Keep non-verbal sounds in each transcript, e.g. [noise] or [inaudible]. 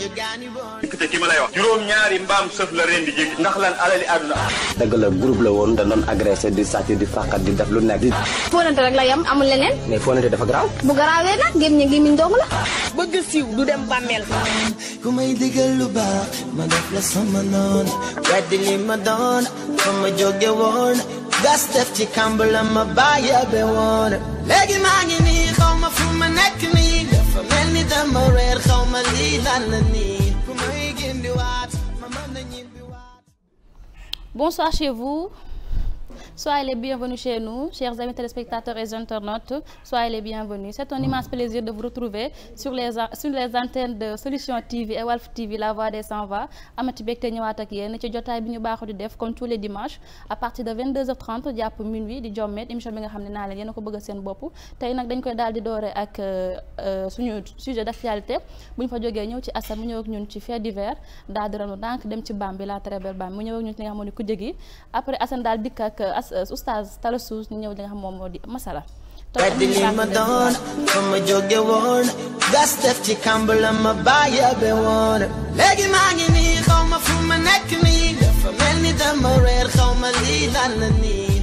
te ki juróom-ñaari mbaam sëf la ren di jéggi. ndax lan alali àdduna. dëgg la groupe la woon da doon agressé di sàcc di fàqat di def lu nekk di. fóonante rek la yam amul leneen. mais fóonante dafa garaaw. bu garaawee nag ngir ñi ngi miñ dong la. bëgg siiw du dem bàmmeel. ku may digal lu baax ma def la sama noon weddi li ma doon fa ma jóge woon. gas def ci kàmb la ma bàyyi be woon léegi maa ngi nii xaw ma fu ma nekk nii dafa mel ni dama lan la bonsoir chez vous Soyez les bienvenus chez nous, chers amis et internautes. Soyez les bienvenus. C'est un plaisir de vous retrouver sur les antennes de Solution TV et Walf TV La Voix des Sans Voix amati bégte ñëwaat ak yéen ci jotaay bi ñu baaxoo di def comme tous les à partir de jàpp minuit di jommet émission bi nga xam ne naa leen yéen a ko bëgg a seen bopp tey nag dañ koy daal di doore ak euh, euh, suñu sujet d'actualité bu ñu fa jógee ñëw ci Assane mu ñëw ci fait Eh, oustaz Talla Suus ñu ñëw li nga xam moom moo di masala tedd ma doon woon gas def ci kàmb ma bàyyi be woon léegi maa ngi nii xaw ma fu ma nekk nii dafa mel ni dama reer xaw ma lii lan la nii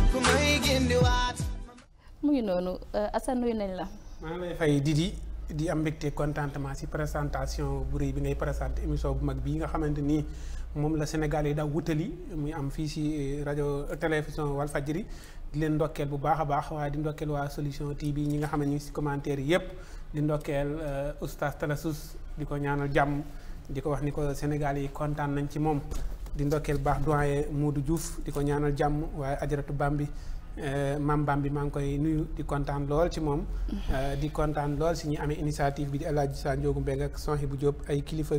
mu ngi noonu eh, Assane nuyu nañ la maa ngi lay fay Didi di am mbégte contentement ci présentation bu rëy bi ngay présenté émission bu mag bii nga xamante nii moom la Sénégal yi daw wutali muy am fii si rajo télévision Walfadjri di leen ndokkeel bu baax a baax waaye di ndokkeel waa solution TV ñi nga xam ne ñu ngi si commentaire yi yëpp di ndokkeel euh, oustaz Talasus di ko ñaanal jàmm di ko wax ni ko Sénégal yi kontaan nañ ci moom di ndokkeel baax doyen Modou juuf di ko ñaanal jàmm waaye ajaratu Bambi euh, maam Bambi maa ngi koy nuyu di kontaan lool ci moom. Euh, di kontaan lool si ñi amee initiative bi di El Hadj Sa Ndiogou Mbengue ak Sohibou Diop ay kilifa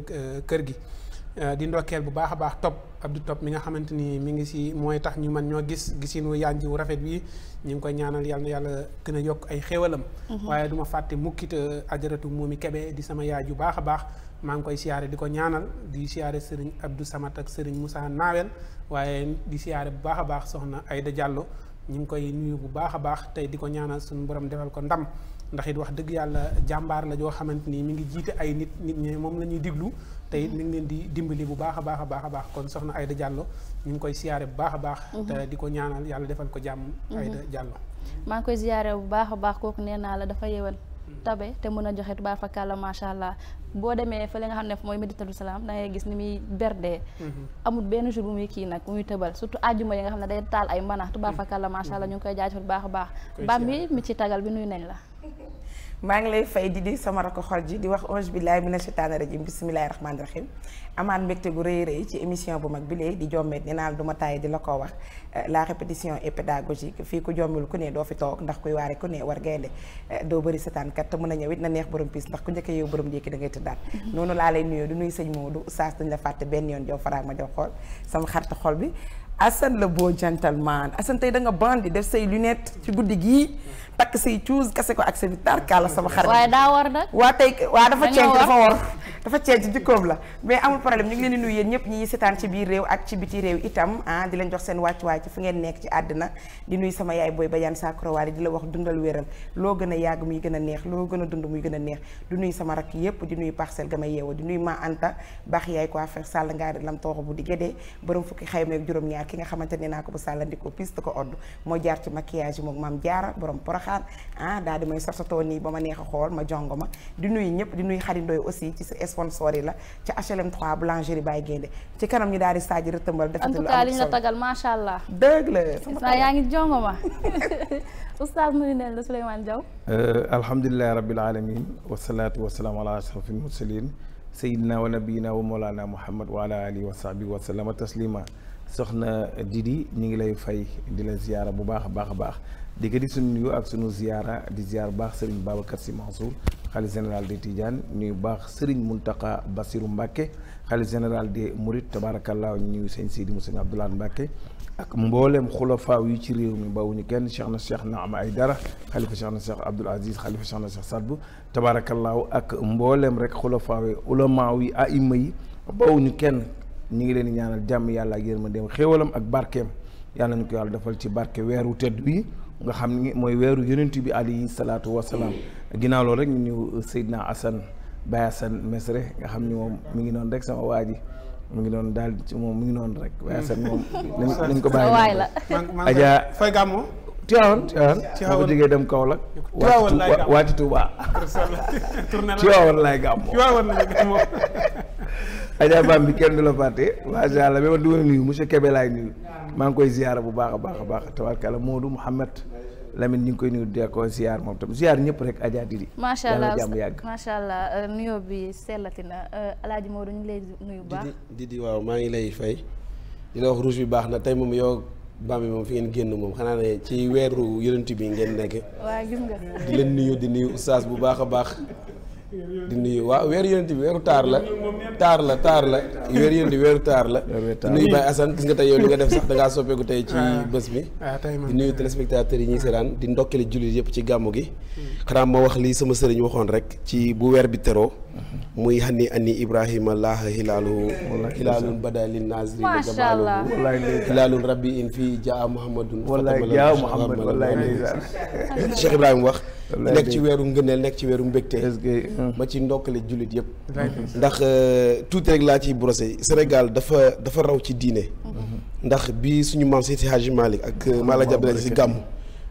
kër gi. Euh, di ndokkeel bu baax a baax topp Abdou Top mi nga xamante ni mi ngi si mooy tax ñu man ñoo gis gisinu yànji wu rafet bi ñu ngi koy ñaanal yàlla na yàlla gën a yokk ay xéewalam mhm. waaye duma ma fàtte mukkit euh, ajaratu moomi kebe di sama yaay ju baax a baax maa ngi koy siyaare di ko ñaanal di siyaare sëriñ Abdou Samat ak sëriñ Moussa Nawel waaye di siyaare bu baax a baax soxna Aïda Diallo ñu ngi koy nuyu bu baax a baax tey di ko ñaanal suñu borom defal ko ndam ndax it wax dëgg yàlla jàmbaar la joo xamante ni mi ngi jiite ay nit nit ñi moom la ñuy diglu te it mi ngi leen di dimbali bu baax a baax a baax a kon soxna Aida Diallo ñu ngi koy siyaare bu baax a baax. Mhm. te di ko ñaanal yàlla defal ko jàmm. Mhm. Aida Diallo. maa ngi koy siyaare bu baax a baax kooku nee naa la dafa yeewal. tabe te mën a joxe tubaab fa kàlla macha allah boo demee fa li nga xam ne mooy méditatu salaam da ngay gis ni muy berdee mhm. amul benn jour bu muy kii nag bu muy tëbal surtout àjjuma yi nga xam ne day taal ay mbana tubaab fa kàlla macha allah ñu ngi koy jaajëfal baax baax. bam bi mi ci tagal bi nuyu nañ la. [laughs] maa ngi lay fay di di sama rakk xol ji di wax auzu billaahi mina sheytaani rajiim bismillaahi rahmaani rahiim amaat mbégte gu rëy rëy ci émission bu mag bi léegi di jommet ni naa du ma tàyyi di la ko wax euh, la répétition est pédagogique fii ku jommul ku ne doo fi toog ndax kuy waare ku ne war gaynde euh, doo bëri sataankat te mën a ñëw na neex borom piis ndax ku njëkk yow borom jékki da ngay tëddaat mm-hmm. noonu laa lay nuyoo du nuy sëñ Moodu Oustaz dañ la fàtte benn xool sama xarit xol bi Assane le beau gentleman Assane tey da nga bandi def say lunette ci guddi gii takk say cuus kase sama xarit. daa war nag. waa tey waa dafa ceeb dafa war la mais amul problème ñu ngi leen di nuyu yéen ñëpp ñi seetaan ci biir réew ak ci biti réew itam ah di leen jox sama yaay booy Badiane Sakro Waly di wax dundal wéral loo gën a yàgg muy gën a neex loo gën a dund muy a neex di nuyu sama rakk yëpp di nuyu parcelle ga ma yeewoo di nuyu ma Anta baax yaay ko affaire sàll ngaari lam bu di gédee borom fukki xayma ak juróom-ñaar ki nga xamante ne naa ko bu sàllandikoo piste ko odd moo jaar ci maquillage yi moom maam jaara borom porox caaxaan ah daal di may sorsotoo ba ma neex a xool ma jongo ma di nuyu ñëpp di nuyu xarindooy aussi ci sa sponsor yi la ci HLM 3 boulangerie Baye ci kanam ñu daal di saaji rëtëmbal defati lu am solo en tout cas tagal macha allah. dëgg la sama yaa ngi jongo ma [laughs] oustaz nuyu neen la Souleymane Diaw. Euh, alhamdulilah rabbil alamin wasalaatu wasalaamu ala ashrafil mursalin sayidina wa nabiyina wa mawlana muhammad wa ala alihi wa sahbihi wa sallama soxna Didi ñu ngi lay fay di la ziyaara bu baax a baax a baax di di suñu nuyu ak suñu ziyaara di ziyaar baax sëriñ Babacar Sy Mansour xalif général de Tidiane ñuy baax sëriñ Mountakha Bassirou Mbacké xalif général de Mouride tabaarakallaa ñu nuyu sëñ Sidi Moussa Abdoulaye Mbacké ak mboolem xulafaaw yi ci réew mi bawuñu kenn Cheikh na Cheikh na am ay dara xalifa Cheikh na Cheikh Abdoul Aziz xalifa Cheikh na Cheikh Sadbu tabaarakallaahu ak mbooleem rek xulafaaw yi ulamaaw yi aima yi bawuñu kenn ñu ngi leen di jàmm yàlla ak yërmandeem xéewalam ak barkeem yàlla yàlla defal ci barke weeru tedd bi nga xam ni mooy weeru yonent bi alayhi salaatu wasalaam ginnaaw loolu rek ñu ñëw Seydina Assane Baye Mesre nga xam ni moom mi ngi noonu rek sama waa ji mu ngi noonu daal ci moom mu ngi noonu rek Baye Assane moom nañ ko bàyyi waay la Adja fay gàmmu Tiwaawan Tiwaawan bu jógee dem Kaolack waati Tuuba [laughs] Tiwaawan laay gàmmu Tiwaawan laay gàmmu Adja kenn du la fàtte macha allah mais man du ma nuyu monsieur Kébé laay nuyu maa ngi koy ziyaara bu baax a baax a baax tabarkàlla Modou Mouhamed Lamine ñi ngi koy nuyu di ko ziyaar moom tam ziyaar ñëpp rek Adja Dili macha allah jàmm yàgg macha allah euh, bi sellatina euh, alaaji Modou ñu lay nuyu baax di di waaw maa ngi lay fay di la wax rouge bi baax na tey moom yow Bambi moom fi ngeen génn moom xanaa ne ci weeru yonent bi ngeen nekk waaw gis nga di leen nuyu di nuyu oustaz bu baax a baax di nuyu waaw weeru yonent bi weeru taar la taar la taar la weer yéen di weeru taar la nuyu Baye Assane gis nga tey yow li nga def sax da ngaa soppeeku tey ci ah. bés bi ah, di nuyu téléspectateurs yi ñu seetaan di ndokkale jullit yëpp ci gàmmu gi xanaa ma wax lii sama sëriñ waxoon rek ci bu weer bi teroo muy xani ani ibrahima laaha xilaaluhu xilaalun bada lin naziri la jamaaluhu xilaalun rabbi in fii jaa muhammadun jaa muhammad wallaay Cheikh Ibrahima wax nekk ci weeru ngëneel nekk ci weeru mbégte hmm. ma ci ndokkale jullit yëpp ndax euh, tuuti rek laa ciy brosé Sénégal dafa dafa raw ci diine. Mm-hmm. ndax bi suñu maam Seydi Hadji Malick ak Maala Jaabel si gàmm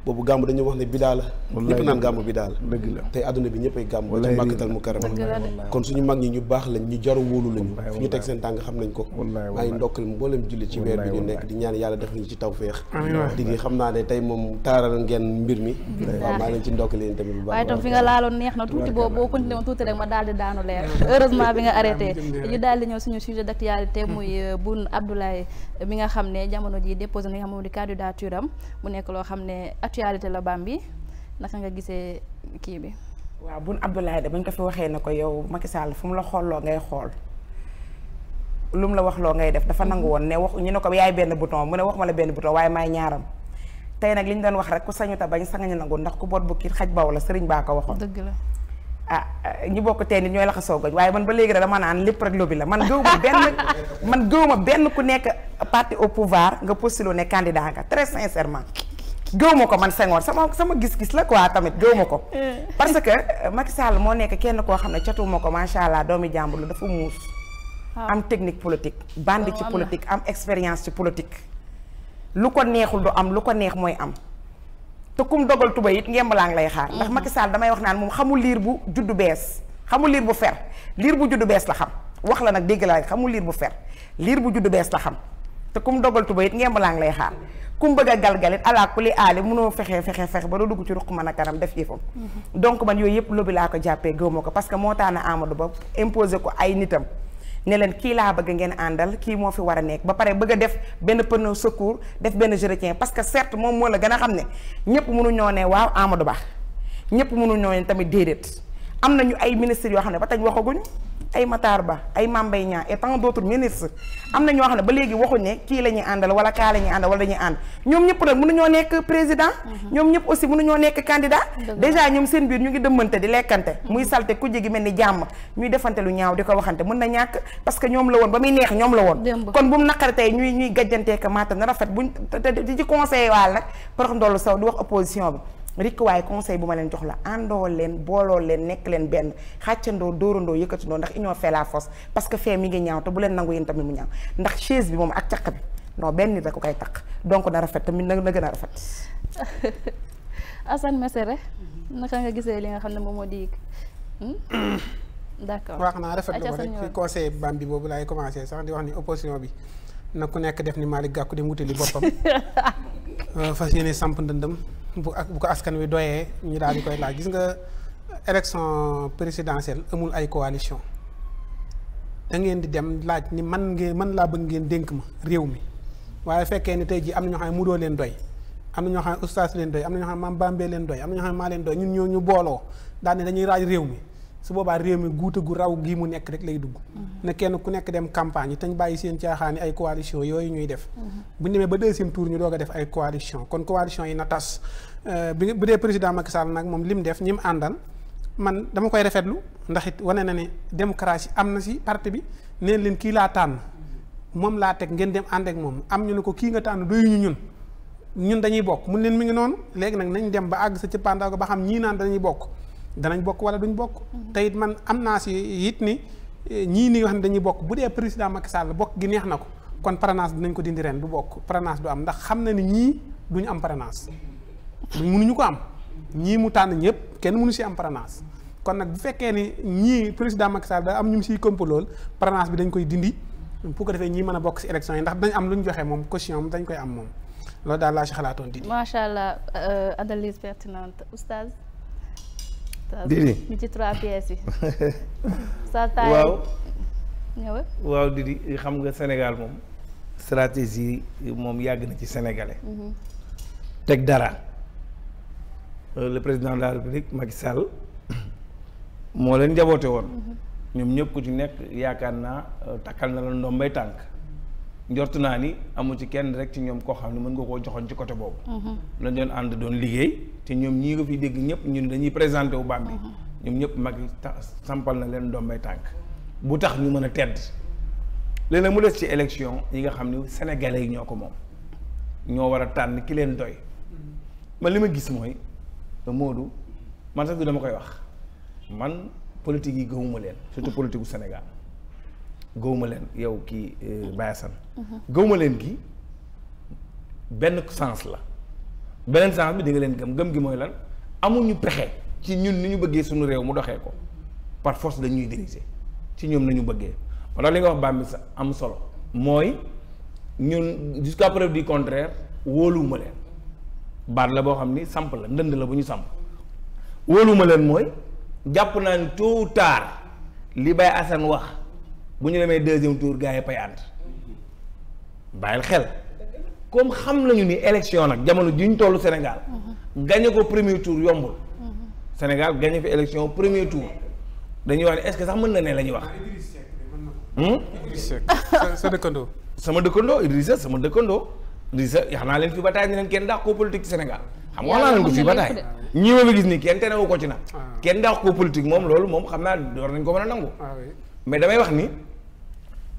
boobu gàmb dañuy wax ne bidaa la ñëpp naan gàmb bidaa la dëgg la tey àdduna bi ñëppay gàmb ba ca màkkatal mu karam kon suñu mag ñi ñu baax lañ ñu jaru wóolu lañu fu ñu teg seen tàng xam nañ ko maa ngi ndokkal mboolem julli ci weer bi ñu nekk di ñaan yàlla def nañu ci tawféex digi xam naa ne tey moom taaral ngeen mbir mi waaw tamit fi nga laaloon neex na tuuti boo boo continué woon tuuti rek ma daal daanu leer [laughs] heureusement bi nga arrêté ñu daal actualité la baam Bambi naka nga gisee kii bi. waaw Boun Abdallah de bañ ko fi waxee ne ko yow Macky Sall fu mu la xooloo ngay xool lu mu la wax loo ngay def dafa mhm. nangu woon ne wax ñu ne ko yaay benn bouton mu ne wax ma la benn bouton waaye maay ñaaram tey nag li ñu doon wax rek ku sañu ta bañ sangañu nangu ndax ku boot bukki xaj baw la sëriñ baa ko waxoon. dëgg la. ah ñi bokk teen nit ñooy laxasoo goñ waaye man ba léegi dama naan lépp rek lobby la man gëwuma benn man gëwuma benn ku nekk parti au pouvoir nga postulé ne candidat nga très sincèrement. gëw ma ko man Senghor sama sama gis-gis la quoi tamit gëw ma ko. [laughs] Eh. parce que euh, Macky Sall moo nekk kenn koo xam ne catuma ko macha allah doomi jàmbur la dafa muus. Ah. am technique politique. bandi ci politique am expérience ci politique. lu ko neexul du am lu ko neex mooy am. te kum dogal tuba it ngemb laa ngi lay xaar. ndax mm-hmm. Macky Sall damay wax naan moom xamul liir bu juddu bees. xamul liir bu fer liir bu juddu bees la xam wax la nag dégg laa liir bu fer liir bu juddu bees la te kum dogal tuba it ngemb ngi lay xaar. ku mu bëgg a galgalit ala kuli aali munoo fexe fexe fexe ba doo dugg ci ruq mën a kanam def yëfam mm-hmm. donc man yooyu yëpp lobby laa ko jàppee gëwma ko parce que moo tax na Amadou Ba imposé ko ay nitam ne leen kii laa bëgg ngeen àndal kii moo fi war a nekk ba pare bëgg a def benn pneu secours def benn je retiens parce que certes moom moo la gën a xam ne ñëpp mënuñoo ne waaw Amadou Ba ñëpp mënuñoo ne tamit déedéet am nañu ay ministres yoo xam ne ba tañ waxaguñ ay Matar Ba ay Mame Mbaye Niang et tant am na ñoo xam ne ba léegi waxuñ ne kii la ñuy àndal wala kaa la ñuy àndal wala dañuy ànd ñoom ñëpp nag mënuñoo nekk président mhm. ñoom ñëpp aussi mënuñoo nekk candidat déjà ñoom seen biir ñu ngi dëmmante di lekkante muy salte ku jigi mel ni jàmm ñuy defante lu ñaaw di ko waxante mën na ñàkk parce ñoom la woon ba muy neex ñoom la woon kon bu mu naqari tey ñuy ñuy gajjantee na rafet buñ di ci conseillé bi rikk waaye conseil bu ma leen jox la àndoo leen booloo leen nekk leen benn xàccandoo dóorandoo yëkkatindoo ndax union fait la force parce que fee mi ngi ñaaw te bu leen nangu yéen tamit mu ñaaw ndax chaise bi moom ak caq bi non benn nit rek ko koy taq donc na rafet tamit na na gën a rafet [laughs] Assane Mesere naka nga gisee li nga xam ne moom moo di hmm? [coughs] d'accord wax naa rafetlu ko rek ci conseil bam bi boobu laay commencé sax di wax ni opposition bi na ku nekk def ni Malick Gakou dem wutali boppam [laughs] euh, fas yéene samp ndëndam bu bu ko askan wi doyee ñu daal di koy laaj gis nga élection présidentielle amul ay coalition da ngeen di dem laaj ni man ngeen man laa bëgg ngeen dénk ma réew mi waaye fekkee ni tey jii am na ñoo xam ne doo leen doy am na ñoo xam ne oustaz leen doy am na ñoo xam maam Bambey leen doy am na ñoo xam maa leen doy ñun ñoo ñu booloo daal ne dañuy raaj réew mi su boobaa réew mi guuta gu raw gii mu nekk rek lay dugg. Mm-hmm. na kenn ku nekk dem campagne yi te ñu bàyyi seen caaxaani ay coalition yooyu ñuy def. Mm-hmm. bu ñu ba deuxième tour ñu doog a def ay coalition kon yi na tas Euh, bi nga bu dee président Macky Sall nag moom lim def ñi mu àndal man dama koy rafetlu ndax it wane na ne démocratie am na si parti bi neen leen kii laa tànn moom laa teg ngeen dem ànd ak moom am ñu ne ko kii nga tànn doyuñu ñun ñun dañuy bokk mun leen mi ngi noonu léegi nag nañ dem ba àgg sa cëppaandaw ga ba xam ñii naan dañuy bokk danañ bokk wala duñ bokk. Mm-hmm. te it man am naa si it ni eh, ñii ni wax xam ne dañuy bokk bu dee président Macky Sall bokk gi neex na ko kon parrainage dinañ ko dindi ren du bokk parrainage du am ndax xam na ni ñii duñu am parrainage. mënuñu ko am ñii mu tànn ñëpp kenn mënu si am parrainage kon nag bu fekkee ni ñii président Macky Sall da am ñu mu siy lool parrainage bi dañ koy dindi pour ko defee ñii mën a bokk si élection yi ndax dañ am lu ñu joxe moom caution dañ koy am moom loolu daal laa si xalaatoon Didi. macha allah euh, analyse pertinente oustaz. Didi mi ci trois yi. [laughs] moom stratégie moom yàgg na ci sénégalais. Mhm. teg dara. Euh, le président de la république Macky Sall moo leen jaboote woon ñoom ñëpp ku ci nekk yaakaar naa euh, takkal na la ndombay tànk njort naa ni amu ci kenn rek ci ñoom koo xam ne mën nga koo joxoon ci côté boobu mm-hmm. lañ doon ànd doon liggéey te ñoom ñii nga fi dégg ñëpp ñu dañuy présenté wu Bambi mm-hmm. ñoom ñëpp mag sampal na leen ndombay tànk bu tax ñu mën a tedd léegi mu des ci élection yi nga xam ne sénégalais yi ñoo ko moom ñoo war a tànn ki leen doy ma li ma gis mooy Modou man sax du dama koy wax man politique yi gëwuma leen surtout politique u Sénégal gëwuma leen yow kii euh, Baye Assane mhm. gëwuma leen gi benn sens la beneen sens bi di leen gëm gëm gi mooy lan amuñu pexe ci ñun ni ñu bëggee suñu réew mu doxee ko par force dañuy diriger ci ñoom nañu bëggee wala li nga wax bambi sa am solo mooy ñun jusqu'à preuve du contraire wóoluwuma leen baat la boo xam ni samp la ndënd la bu ñu samp wóoluma leen mooy jàpp naa ni tôt ou tard li Baye Assane wax bu ñu demee deuxième tour gars yi pay ànd bàyyil xel comme xam nañu ni élection nag jamono ji ñu tollu Sénégal gañe ko premier tour yombul Sénégal gañe fi élection premier tour dañuy wax ne est-ce que sax mën na ne la ñuy wax Idriss hmm? sama dëkkandoo sama dëkkandoo Idriss sama dëkkandoo di sa yax naa leen fi ba taay ne leen kenn daax koo politique ci Sénégal xam nga wax naa leen ko fii ba taay ñi ma fi gis nii kenn tenewu ko ci nag ah. kenn daax koo politique moom loolu moom xam naa war nañ ko mën a nangu ah mais damay wax ni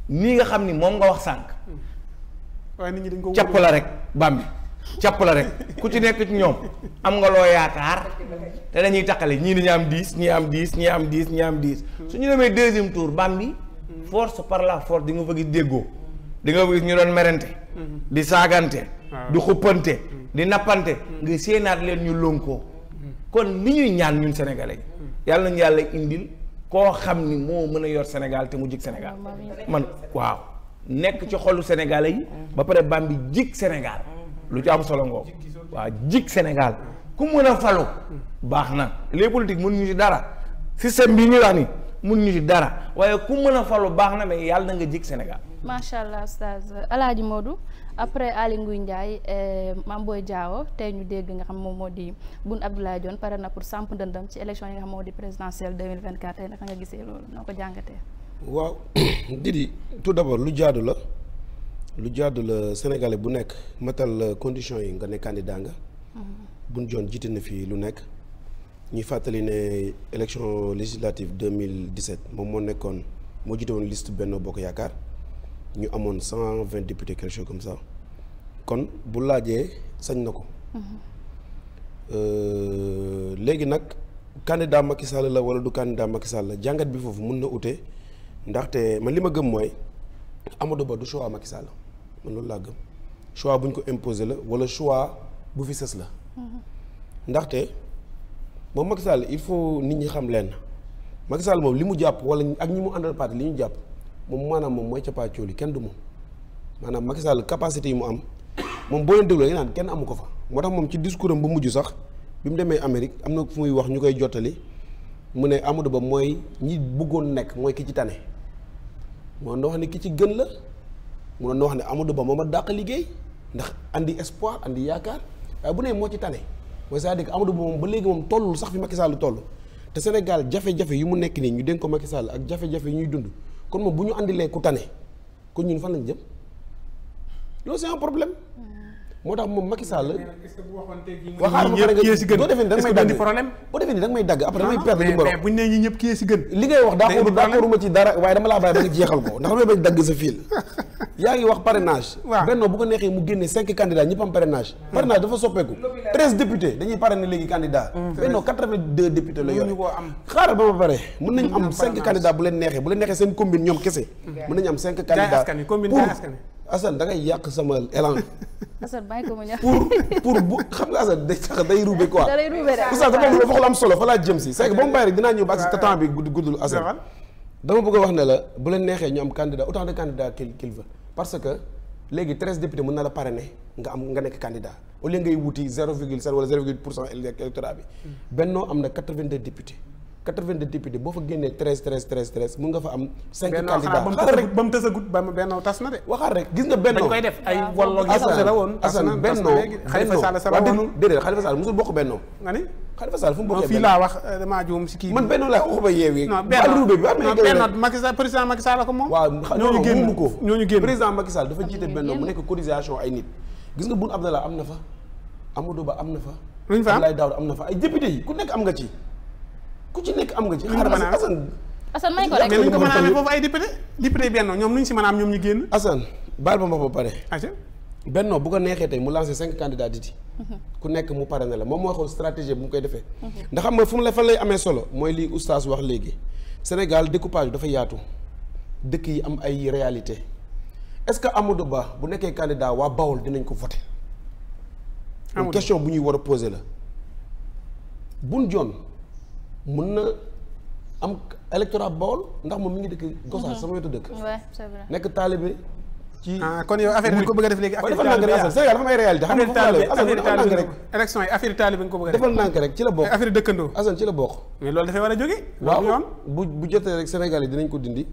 nii nga xam ni moom nga wax sànq hmm. waaye nit ñi dañ ko càpp la rek bambi càpp la rek ku ci nekk ñoom am nga loo yaakaar te dañuy taqale ñii dañu am dix ñii am dix ñii am dix ñii am dix hmm. su ñu demee deuxième tour bambi hmm. force par la force di nga fa gis déggoo di nga ñu doon merente mm-hmm. di saagante ah. di xuppante mm-hmm. di nappante mm-hmm. nga séenaat leen ñu lonkoo kon li ñuy ñaan ñun sénégalais yi yàlla nañu yàlla indil koo xam ni moo mën a yor Sénégal te mu jig Sénégal man waaw nekk ci xolu sénégalais yi ba pare bam bi jig Sénégal lu ci am solo ngoo waaw jig Sénégal ku mën a falu baax na les politiques mënuñu ci dara système bi ñu wax mun ñu ci dara waaye ku mën a falu baax na mais yàlla na nga jig Sénégal. macha allah oustaz Alaaji Modou après Aly Ngouille Ndiaye eh, Mame Boye Diao tey ñu dégg nga xam moom moo di Boun Abdallah Dionne pare na pour samp ndëndam ci élection yi nga xam moo di présidentielle 2024 tey naka nga gisee loolu noo ko jàngatee. waaw [coughs] Didi tout d'abord lu jaadu la lu jaadu la sénégalais bu nekk matal condition yi nga ne candidat nga. Mhm. Boun Dionne jiite na fi lu nekk. ñuy fàttali ne élection législative 2017 moom moo nekkoon moo jiite woon benn Benno Bokk Yaakaar ñu amoon cent vingt députés quelque chose comme ça kon bu laajee sañ na ko. Euh, léegi nag candidat Macky Sall la wala du candidat Macky Sall la jàngat bi foofu mun na ute ndaxte man li ma gëm mooy Amadou Ba du choix Macky Sall man loolu laa gëm choix bu ñu ko imposé la wala choix bu fi ses la mm-hmm. ndaxte. moom Macky Sall il faut nit ñi xam leen Macky Sall moom li mu jàpp wala ak ñi mu àndal parti li ñu jàpp moom maanaam moom mooy capaacool yi kenn du moom maanaam Macky capacité yi mu am moom boo leen dégloo nga naan kenn amu ko fa moo tax moom ci discours am bu mujj sax bi mu demee Amérique am na fu muy wax ñu koy jottali mu ne Amadou Ba mooy ñi bëggoon nekk mooy ki ci tane moo na wax ne ki ci gën la mu doon wax ne Amadou Ba moom a dàq liggéey ndax indi espoir andi yaakaar waaye bu ne moo ci tane mooy c'est-à-dire que Amadou Ba moom ba léegi moom tollul sax fi Macky Sall te Sénégal jafe-jafe yu mu nekk nii ñu dénk ko Macky Sall ak jafe-jafe yu ñuy dund kon moom bu ñu andilee ku tane kon ñun fan lañ jëm loolu c'est problème. moo tax moom Macky Sall. ma pare nga doo defee ni da nga may dagg problème boo defee ni da nga may dagg après damay ah, perdre li mu mais buñ nee ñi ñëpp kii si gën li ngay wax d'accord d'accord ci dara waaye dama laa bàyyi ba jeexal ko ndax damay bañ dagg sa fil [laughs] yaa ngi wax parrainage benno bu ko neexee mu génne cinq candidats ñëpp am parrainage hmm. parrainage dafa soppeeku treize députés dañuy parrainer léegi candidat hmm. benno quatre-vingt-deux députés la yore xaaral ba ma pare mën nañu am cinq candidats Assane da ngay yàq sama élan. [laughs] Assane bàyyi ko pour pour bu xam nga Assane day sax day ruube quoi. da [laughs] day ruube rek Oustaz dafa am dafa am solo fa laa jëm si. c'est que ba mu bàyyi rek dinaa ñëw ba ak si temps bi guddul Assane. dama bëgg a wax ne la bu leen neexee ñu am candidat autant de candidats qu'il qu'il parce que léegi treize députés mën na la parrainer nga am nga nekk candidat au lieu ngay wuti zéro virgule sept wala zéro virgule pour cent électorat bi. Hmm. Benno am na quatre-vingt-deux quatre-vingt-deux députés boo fa génnee treize treize treize treize mun nga fa am cinq candidats ba mu tësagut ba mu bennoo tas na de waxaar rek gis nga bennoo dañ bennoo Khalifa Sall sa la woon déedéet Khalifa Sall mosul mu ko moom waaw génn ko ñooñu génn président Macky bennoo mu nekk cotisation ay nit gis nga Boun Abdallah am na fa Amadou Ba am na fa luñ fa am Abdoulaye Daouda am na fa ay député yi ku nekk am nga ci ku ci nekk am nga ci xaaral ma Assane Assane may ko rek mais nañ ko mën a amee foofu ay député député benn ñoom nuñ si man a am ñoom ñu génn Assane baal ba ma ba pare ah, benno bu ko neexee tey mu lancé cinq candidats diti ku nekk mu na la moom mooy xool stratégie bu mu koy defee ndax xam nga fu mu la fa lay amee solo mooy li oustaz wax léegi Sénégal découpage dafa yaatu dëkk yi am ay réalité est-ce que Amadou Ba bu nekkee candidat waa Bawol dinañ ko voté une question bu ñuy war a poser la Boun mun na am électorat Bawol ndax moom mi ngi dëkk Gossas mhm. sama wetu dëkk. waaw nekk taalibe ci ah, kon yow affaire bi ko bëgg a def léegi. affaire taalibe waaw defal Sénégal dafa am ay réalité. xam nga taalibe rek. a def. ci la bokk affaire dëkkandoo. Assane ci la bokk. loolu dafay war a jógee. waaw bu bu jotee rek Sénégal yi dinañ ko dindi.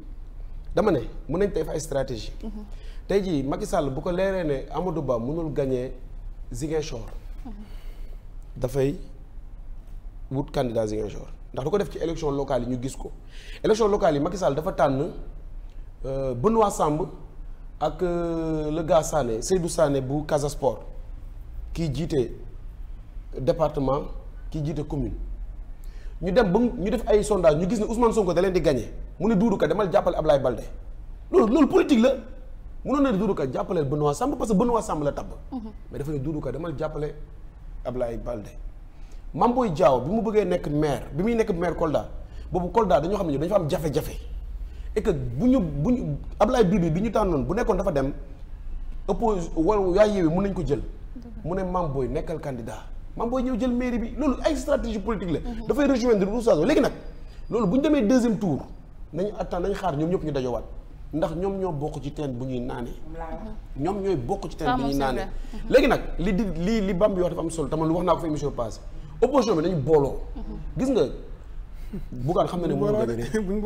dama ne mën nañ tey fa ay stratégie. Mhm. tey jii Macky Sall bu ko leeree ne Amadou Ba mënul gagné Ziguinchor. Mhm. dafay wut candidat Ziguinchor ndax du ko def ci élection local yi ñu gis ko élection local yi Macky Sall dafa tànn euh, Benoît sàmb ak euh, le gars Sané Seydou Sané bu Casa Sport kii jiite département kii jiite commune ñu dem ba ñu def ay sondage ñu gis ne Ousmane Sonko da leen di gagné mu ne Doudou Ka demal jàppale Ablaye Balde loolu loolu politique la mënoon na ne Doudou Ka jàppaleel Benoît Samb parce que Benoît Samb la tabb mhm. mais dafa ne Doudou Ka demal jàppale Ablaye Balde Mame Boye Diao bi mu bëggee nekk maire bi muy nekk maire Kolda boobu Kolda dañoo xam ne dañu fa am jafe-jafe et bu ñu bu ñu Ablaye Bibi bi ñu tànnoon bu nekkoon dafa dem oppose wala yaay yéwi mun nañ ko jël mu ne Mame Boye nekkal candidat Mame Boye ñëw jël maire bi loolu ay stratégie politique la mhm. dafay rejoindre Roussazo léegi nag loolu bu ñu demee deuxième tour nañu attend nañu xaar ñoom ñëpp ñu dajoowaat ndax ñoom ñoo bokk ci teen bu ñuy naanee ñoom ñooy bokk ci teen bu ñuy naanee léegi nag li di li li Bambi wax am solo tamit lu wax naa opposition bi dañu booloo. gis nga Bougane xam na ne mënul gagné réew. buñ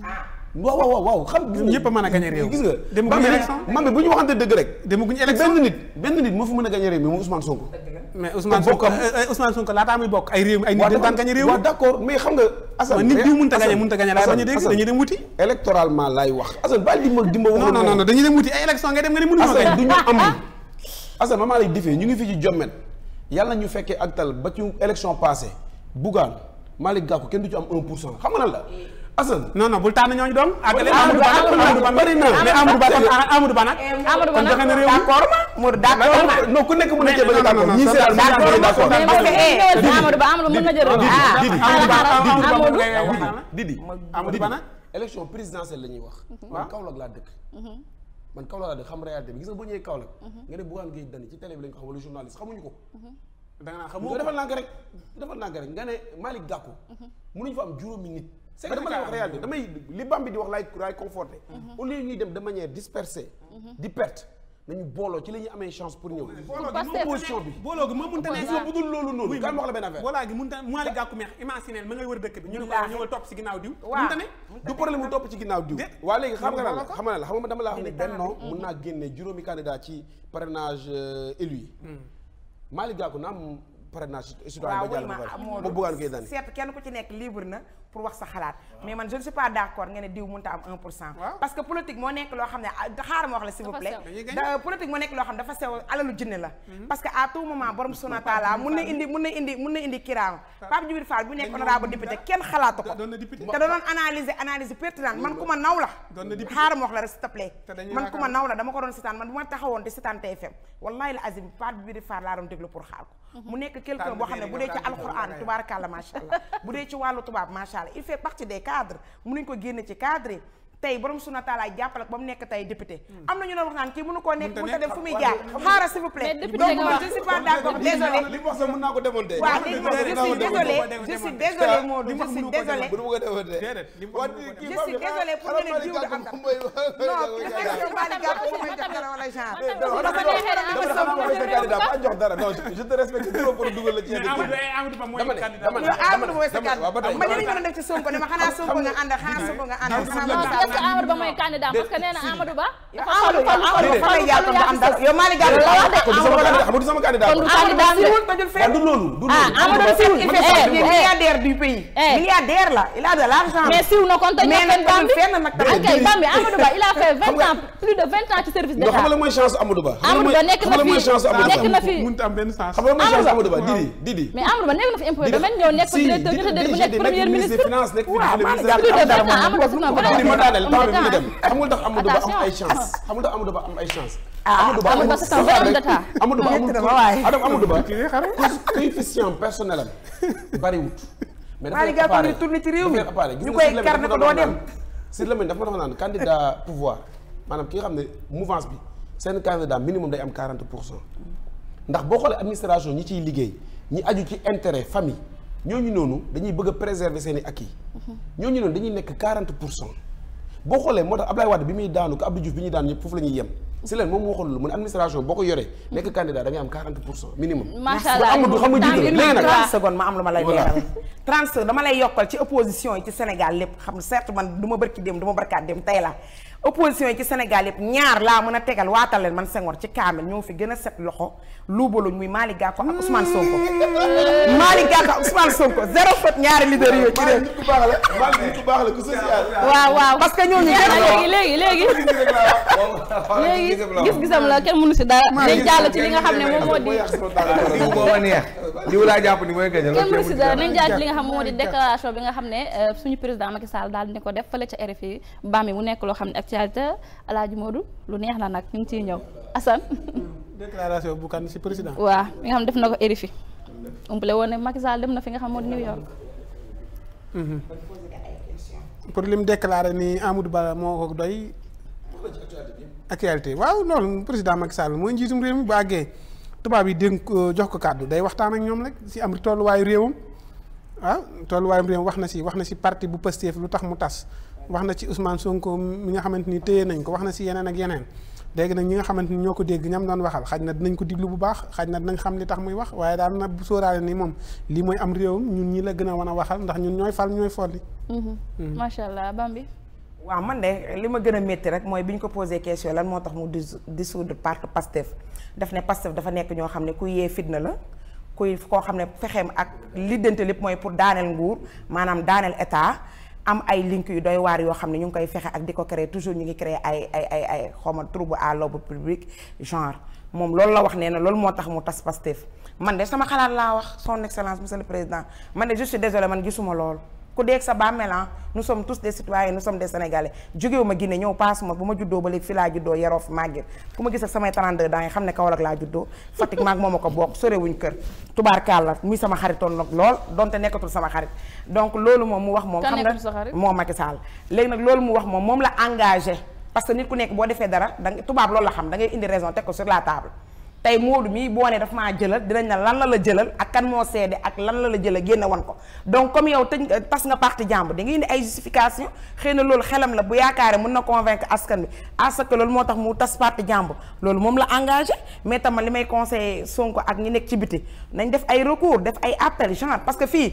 na waaw waaw waaw xam a mën a gagné réew gis nga demaguñu ñu waxante dëgg rek demaguñu euh, euh, nga Assane nit bi mënta ñu dégg dañuy dem wuti électoralement laay ne ñu ngi fi ci jommet yàlla ñu fekkee ak tal ba ci élection passée Bougane Malick Gakou kenn du ci am 1 pour cent xam nga lan la. Assane non non bul tànn ñooñu doon. àggale Amadou Ba Amadou Ba bëri na mais Amadou Ba Amadou Ba nag. Ah, ba nag ku nekk eh, mën na cee a d'accord ñii c'est d'accord d'accord élection présidentielle la ñuy wax. waaw mhm. Kaolack laa dëkk. Mhm. man Kaolack laa de xam réalité bi gis nga boo ñëwee Kaolack mhm. nga ne Bougane Gueye Dany ci télé ko xam wala journaliste xamuñu ko mhm. da nga xam nga defal nànk rek defal nànk rek nga ne Malick Gakou mënuñu mhm. fa am juróomi nit c'est dama lay wax réalité damay li Bambi di wax laay laay conforté ñuy dem de manière dispersée di perte nañu booloo ci la ñuy amee chance pour ñëw. opposition bi booloo gi moo mënta nekk gis nga loolu noonu. kan wax la benn affaire booloo gi mënta Malick Gakou meex imaginel ma ngay wër dëkk mu topp ci ginnaaw diw nga na la xam nga na la xam nga dama laa wax euh, hmm. na am parrainage citoyen ba jàll ma bëggaan koy daan seet kenn ku ci nekk libre na pour wax sa xalaat mais man je ne pas d' accord nga ne diw am 1 pour cent parce que moo nekk loo xam ne ah, xaaral ma wax la s'il vous dafa sew alalu jinne la mhm. parce que à moment borom sunataala mun na indi mun na indi mun na indi kiraam Pape Djibril Fall bu nekk honorable député kenn xalaatu ko te danoon analyser analyse pertinente man ku ma naw la xaaral ma wax la rek s'il te man ku ma naw la dama ko doon seetaan man bu ma taxawoon Sénégal il fait partie des cadres mënuñ ko génne ci cadre tey borom suna taalaay jàppale ba nekk tey député hmm. am na ñu wax naan kii mënu koo nekk mënu ta dem fu muy jaar xaaral s'il vous plaît donc man je suis pas d'accord désolé li mu wax sax mën naa ko démonter waaw léegi man a suis désolé je suis désolé Modou je suis désolé je suis désolé pour nga ne jiw du am tam non question Malick Gakou bu may jox dara Ba nga doon def ci Sonko nga ànd que Amadou Ba mooy candidat parce que nee na Amadou Ba. Amadou Ba Amadou Ba am dara yow Malick Gakou la wax de. kon du sama candidat kon du candidat am de du loolu du loolu. Ah, Amadou Ba siwul il fait milliardaire du pays. Eh. milliardaire la il a de l'argent. mais siw na kon toj na fenn Bambi mais ah, Bambi Amadou Ba il a fait vingt ans plus de vingt ans ci service d'État. xam nga mooy chance Amadou Ba. Amadou Ba nekk na fi nekk na fi mënut am benn chance. xam nga mooy chance Amadou Ba Didi ah. Didi. mais Amadou Ba nekk na fi impôt domaine ñëw nekk directeur bu nekk premier ministre. nekk finance nekk ministre daaneel temps bi mu dem xamul tax Amadou Ba am ay chance xamul ah, tax Amadou Ba am ay chance. Amadou Ba amul Amadou Ba amul adam Amadou Ba coefficient personnel am bariwut. mais dafa nekk tourné ci réew mi ñu koy carné ko doo dem. sur le menu dafa ma dafa naan candidat pouvoir maanaam ki nga xam ne mouvance bi seen candidat minimum day am 40 pour cent ndax boo xoolee administration ñi ciy liggéey ñi aju ci intérêt famille ñu noonu dañuy bëgg a préserver seen i mhm. ñoo ñu noonu dañuy nekk quarante pour cent. boo xoolee moo tax Ablaye Wade bi muy daanu ko Abdou Diouf bi ñuy daan ñëpp foofu la ñuy yem si leen moom waxoon lu mu ne administration boo ko yoree nekk candidat da am 40 pour cent minimum macha allah Amadou xam ma am lu ma lay leeral 30 secondes dama lay yokkal ci opposition yi ci Sénégal lépp xam certes man du ma bërki dem du ma bërkaat dem tey la opposition yi ci Sénégal yëpp ñaar laa mën a tegal waatal leen man Senghor ci kaamel ñoo fi gën a set loxo luubaluñ muy Malick Gakou ak Ousmane Sonko. [laughs] Malick Gakou ak Ousmane Sonko zéro faute ñaari leader waaw waaw parce que ñooñu. léegi léegi léegi léegi gis-gisam la kenn mënu si dara. dañ jàll ci li nga xam ne moom moo di. diw li nga xam moom bi nga xam ne euh, suñu président Macky Sall daal di ko def fële ca RFI ba mi mu nekk loo xam ne alaaj alaaji Modou lu neex la nag ñu ngi ci ñëw Assane. [laughs] déclaration bu kan si président. waaw mi nga xam def na ko RFI. umpale woon ne Macky Sall dem na fi nga xam moo New York. Mhm. pour lim déclaré ni Amadou Ba moo ko doy. actualité waaw loolu président Macky Sall mooy njiitum réew mi bu àggee tubaab yi dénk euh, jox ko kàddu day waxtaan ak ñoom rek si am tolluwaayu réewam waaw tolluwaayum réewam wax na si wax na si parti bu Pastef lu tax mu tas. wax na ci Ousmane Sonko mi nga xamante ni téye nañ ko wax na si yeneen ak yeneen léegi nag ñi nga xamante ni ñoo ko dégg ñam doon waxal xaj na dinañ ko diglu bu baax xaj na dinañ xam li tax muy wax waaye daal na sóoraale ni moom lii mooy am réewam ñun ñi la gën a wan a waxal ndax ñun ñooy fal ñooy folli. Mhm. Mhm. macha allah Bambi. waaw man de li ma gën a métti rek mooy bi ñu ko posé question lan moo tax mu dissoudre parti Pastef daf ne Pastef dafa nekk ñoo xam ne ku yee fitna la kuy koo xam ne fexeem ak liddante lépp mooy pour daaneel nguur maanaam daaneel état am ay link yu doy waar yoo xam ne ñu ngi koy fexe ak di ko créer toujours ñu ngi créer ay ay ay ay trouble à l'ordre public genre moom loolu la wax nee na loolu moo tax mu tas Pastef man de sama xalaat laa wax son excellence monsieur le président man de je suis man gisuma loolu ku deeg sa bàmmeel ah, nous sommes tous des citoyens nous sommes sénégale sénégalais jógewu ma Guinée ñëw paasuma bu ma juddoo ba léegi fi laa juddoo yaroo fi màggee ku ma gis ak samay 32 daa nga xam ne Kaolack laa juddoo Fatick maag moom a ko bokk sorewuñ kër tubaarkàlla muy sama xaritoon nag lool donte nekkatul sama xarit donc loolu moom mu wax moom xam nga moom Macky Sall léegi nag loolu mu wax moom moom la engagé parce que nit ku nekk boo defee dara da tubaab lool la xam da ngay indi ko sur la tey Modou mii boo dafa maa jëlal dinañ na lan la la jëlal ak kan moo seede ak lan la la jëlal génne wan ko donc comme yow te tas nga parti jàmbur da nga indi ay justification xëy na loolu xelam la bu yaakaare mun na convaincre askan bi à ce que loolu moo tax mu tas parti jàmbur loolu moom la engagé mais tamit li may conseillé Sonko ak ñi nekk ci biti nañ def ay recours def ay appel genre parce fii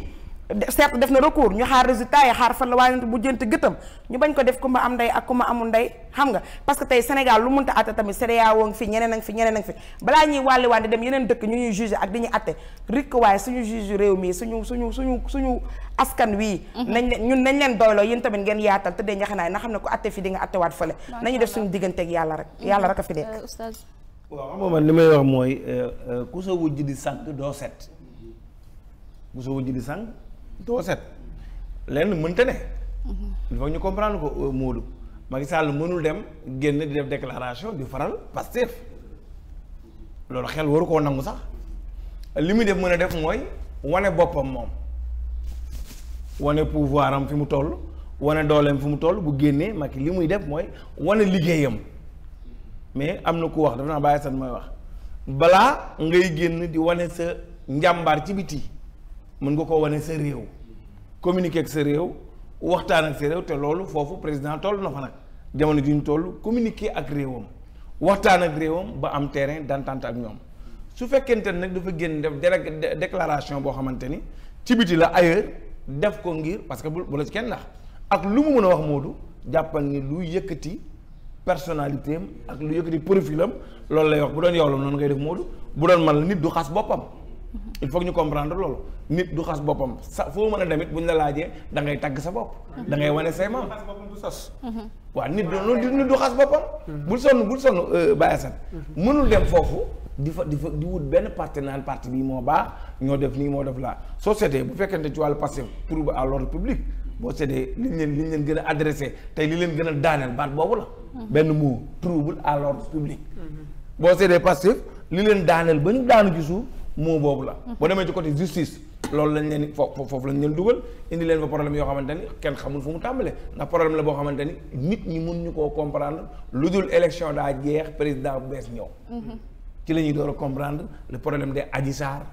certes def na recours ñu xaar résultat yi xaar fan la waaye bu jënt gëtam ñu bañ ko def ku ma am ndey ak ku ma ndey xam nga parce que tey Sénégal lu mun munta atte tamit CEDEAO ngi fi ñeneen a ngi fi ñeneen a ngi fi balaa ñuy wàlli wàlli dem yeneen dëkk ñu ñuy jugé ak di ñu atte rikk waaye suñu juge réew mi suñu suñu suñu suñu askan wii mhm. nañ leen ñun nañ leen doyloo yéen tamit ngeen yaatal tëddee njaxanaay na xam ne ko atte fi di nga atte waat fële nañu def suñu digganteeg yàlla rek yàlla rek a fi nekk euh, euh, euh, sa wujj di sànq doo set sa doo set lenn mënta ne. il faut ñu comprendre ko euh, Moodu Macky Sall mënul dem génn di def déclaration di faral Pastef loolu xel waru koo nangu sax li muy def mën a def mooy wane boppam moom wane pouvoir am fi mu toll wane dooleem fi mu toll bu génnee Macky li muy def mooy wane liggéeyam mais am na ku wax dafa naa bàyyi san mooy wax balaa ngay génn di wane sa njàmbaar ci biti mën nga ko wane sa réew communiqué ak sa réew waxtaan ak sa réew te loolu foofu président toll na fa nag jamono ju ñu toll communiquer ak réewam waxtaan ak réewam ba am terrain d'entente ak ñoom su fekkente ne nag dafa génn def déclaration boo xamante ni ci biti la ailleurs def ko ngir parce que bu la ci kenn ndax ak lu mu mën a wax moodu jàppal ni lu yëkkati personnalité am ak lu yëkkati profil am loolu lay wax bu doon yow la noonu ngay def moodu bu doon man la nit du xas boppam il faut ñu comprendre loolu nit du xas boppam sa foo mën a demit bu ñu la laajee da ngay tagg sa bopp da ngay wane say maam waaw nit du nit du xas boppam bul sonn bul sonn euh, Baye Assane mënul dem foofu di fa di fa di wut benn parti naan parti bi moo baax ñoo def nii moo def laa soo seetee bu fekkente ci wàllu passé trouble à l'ordre public boo seetee liñ leen liñ leen gën a adressé tey li leen gën a daaneel baat boobu la benn mot trouble à l'ordre public mm-hmm. boo seetee passif li leen moo boobu la. boo demee ci côté justice loolu lañ leen foofu foofu lañ leen dugal indi fa problème yoo xamante kenn xamul fu mu tàmbalee ndax problème la boo xamante nit ñi mun ñu koo comprendre lu dul élection daa jeex président bees ñëw. Mhm. ci la door a comprendre le problème des Adji Sarr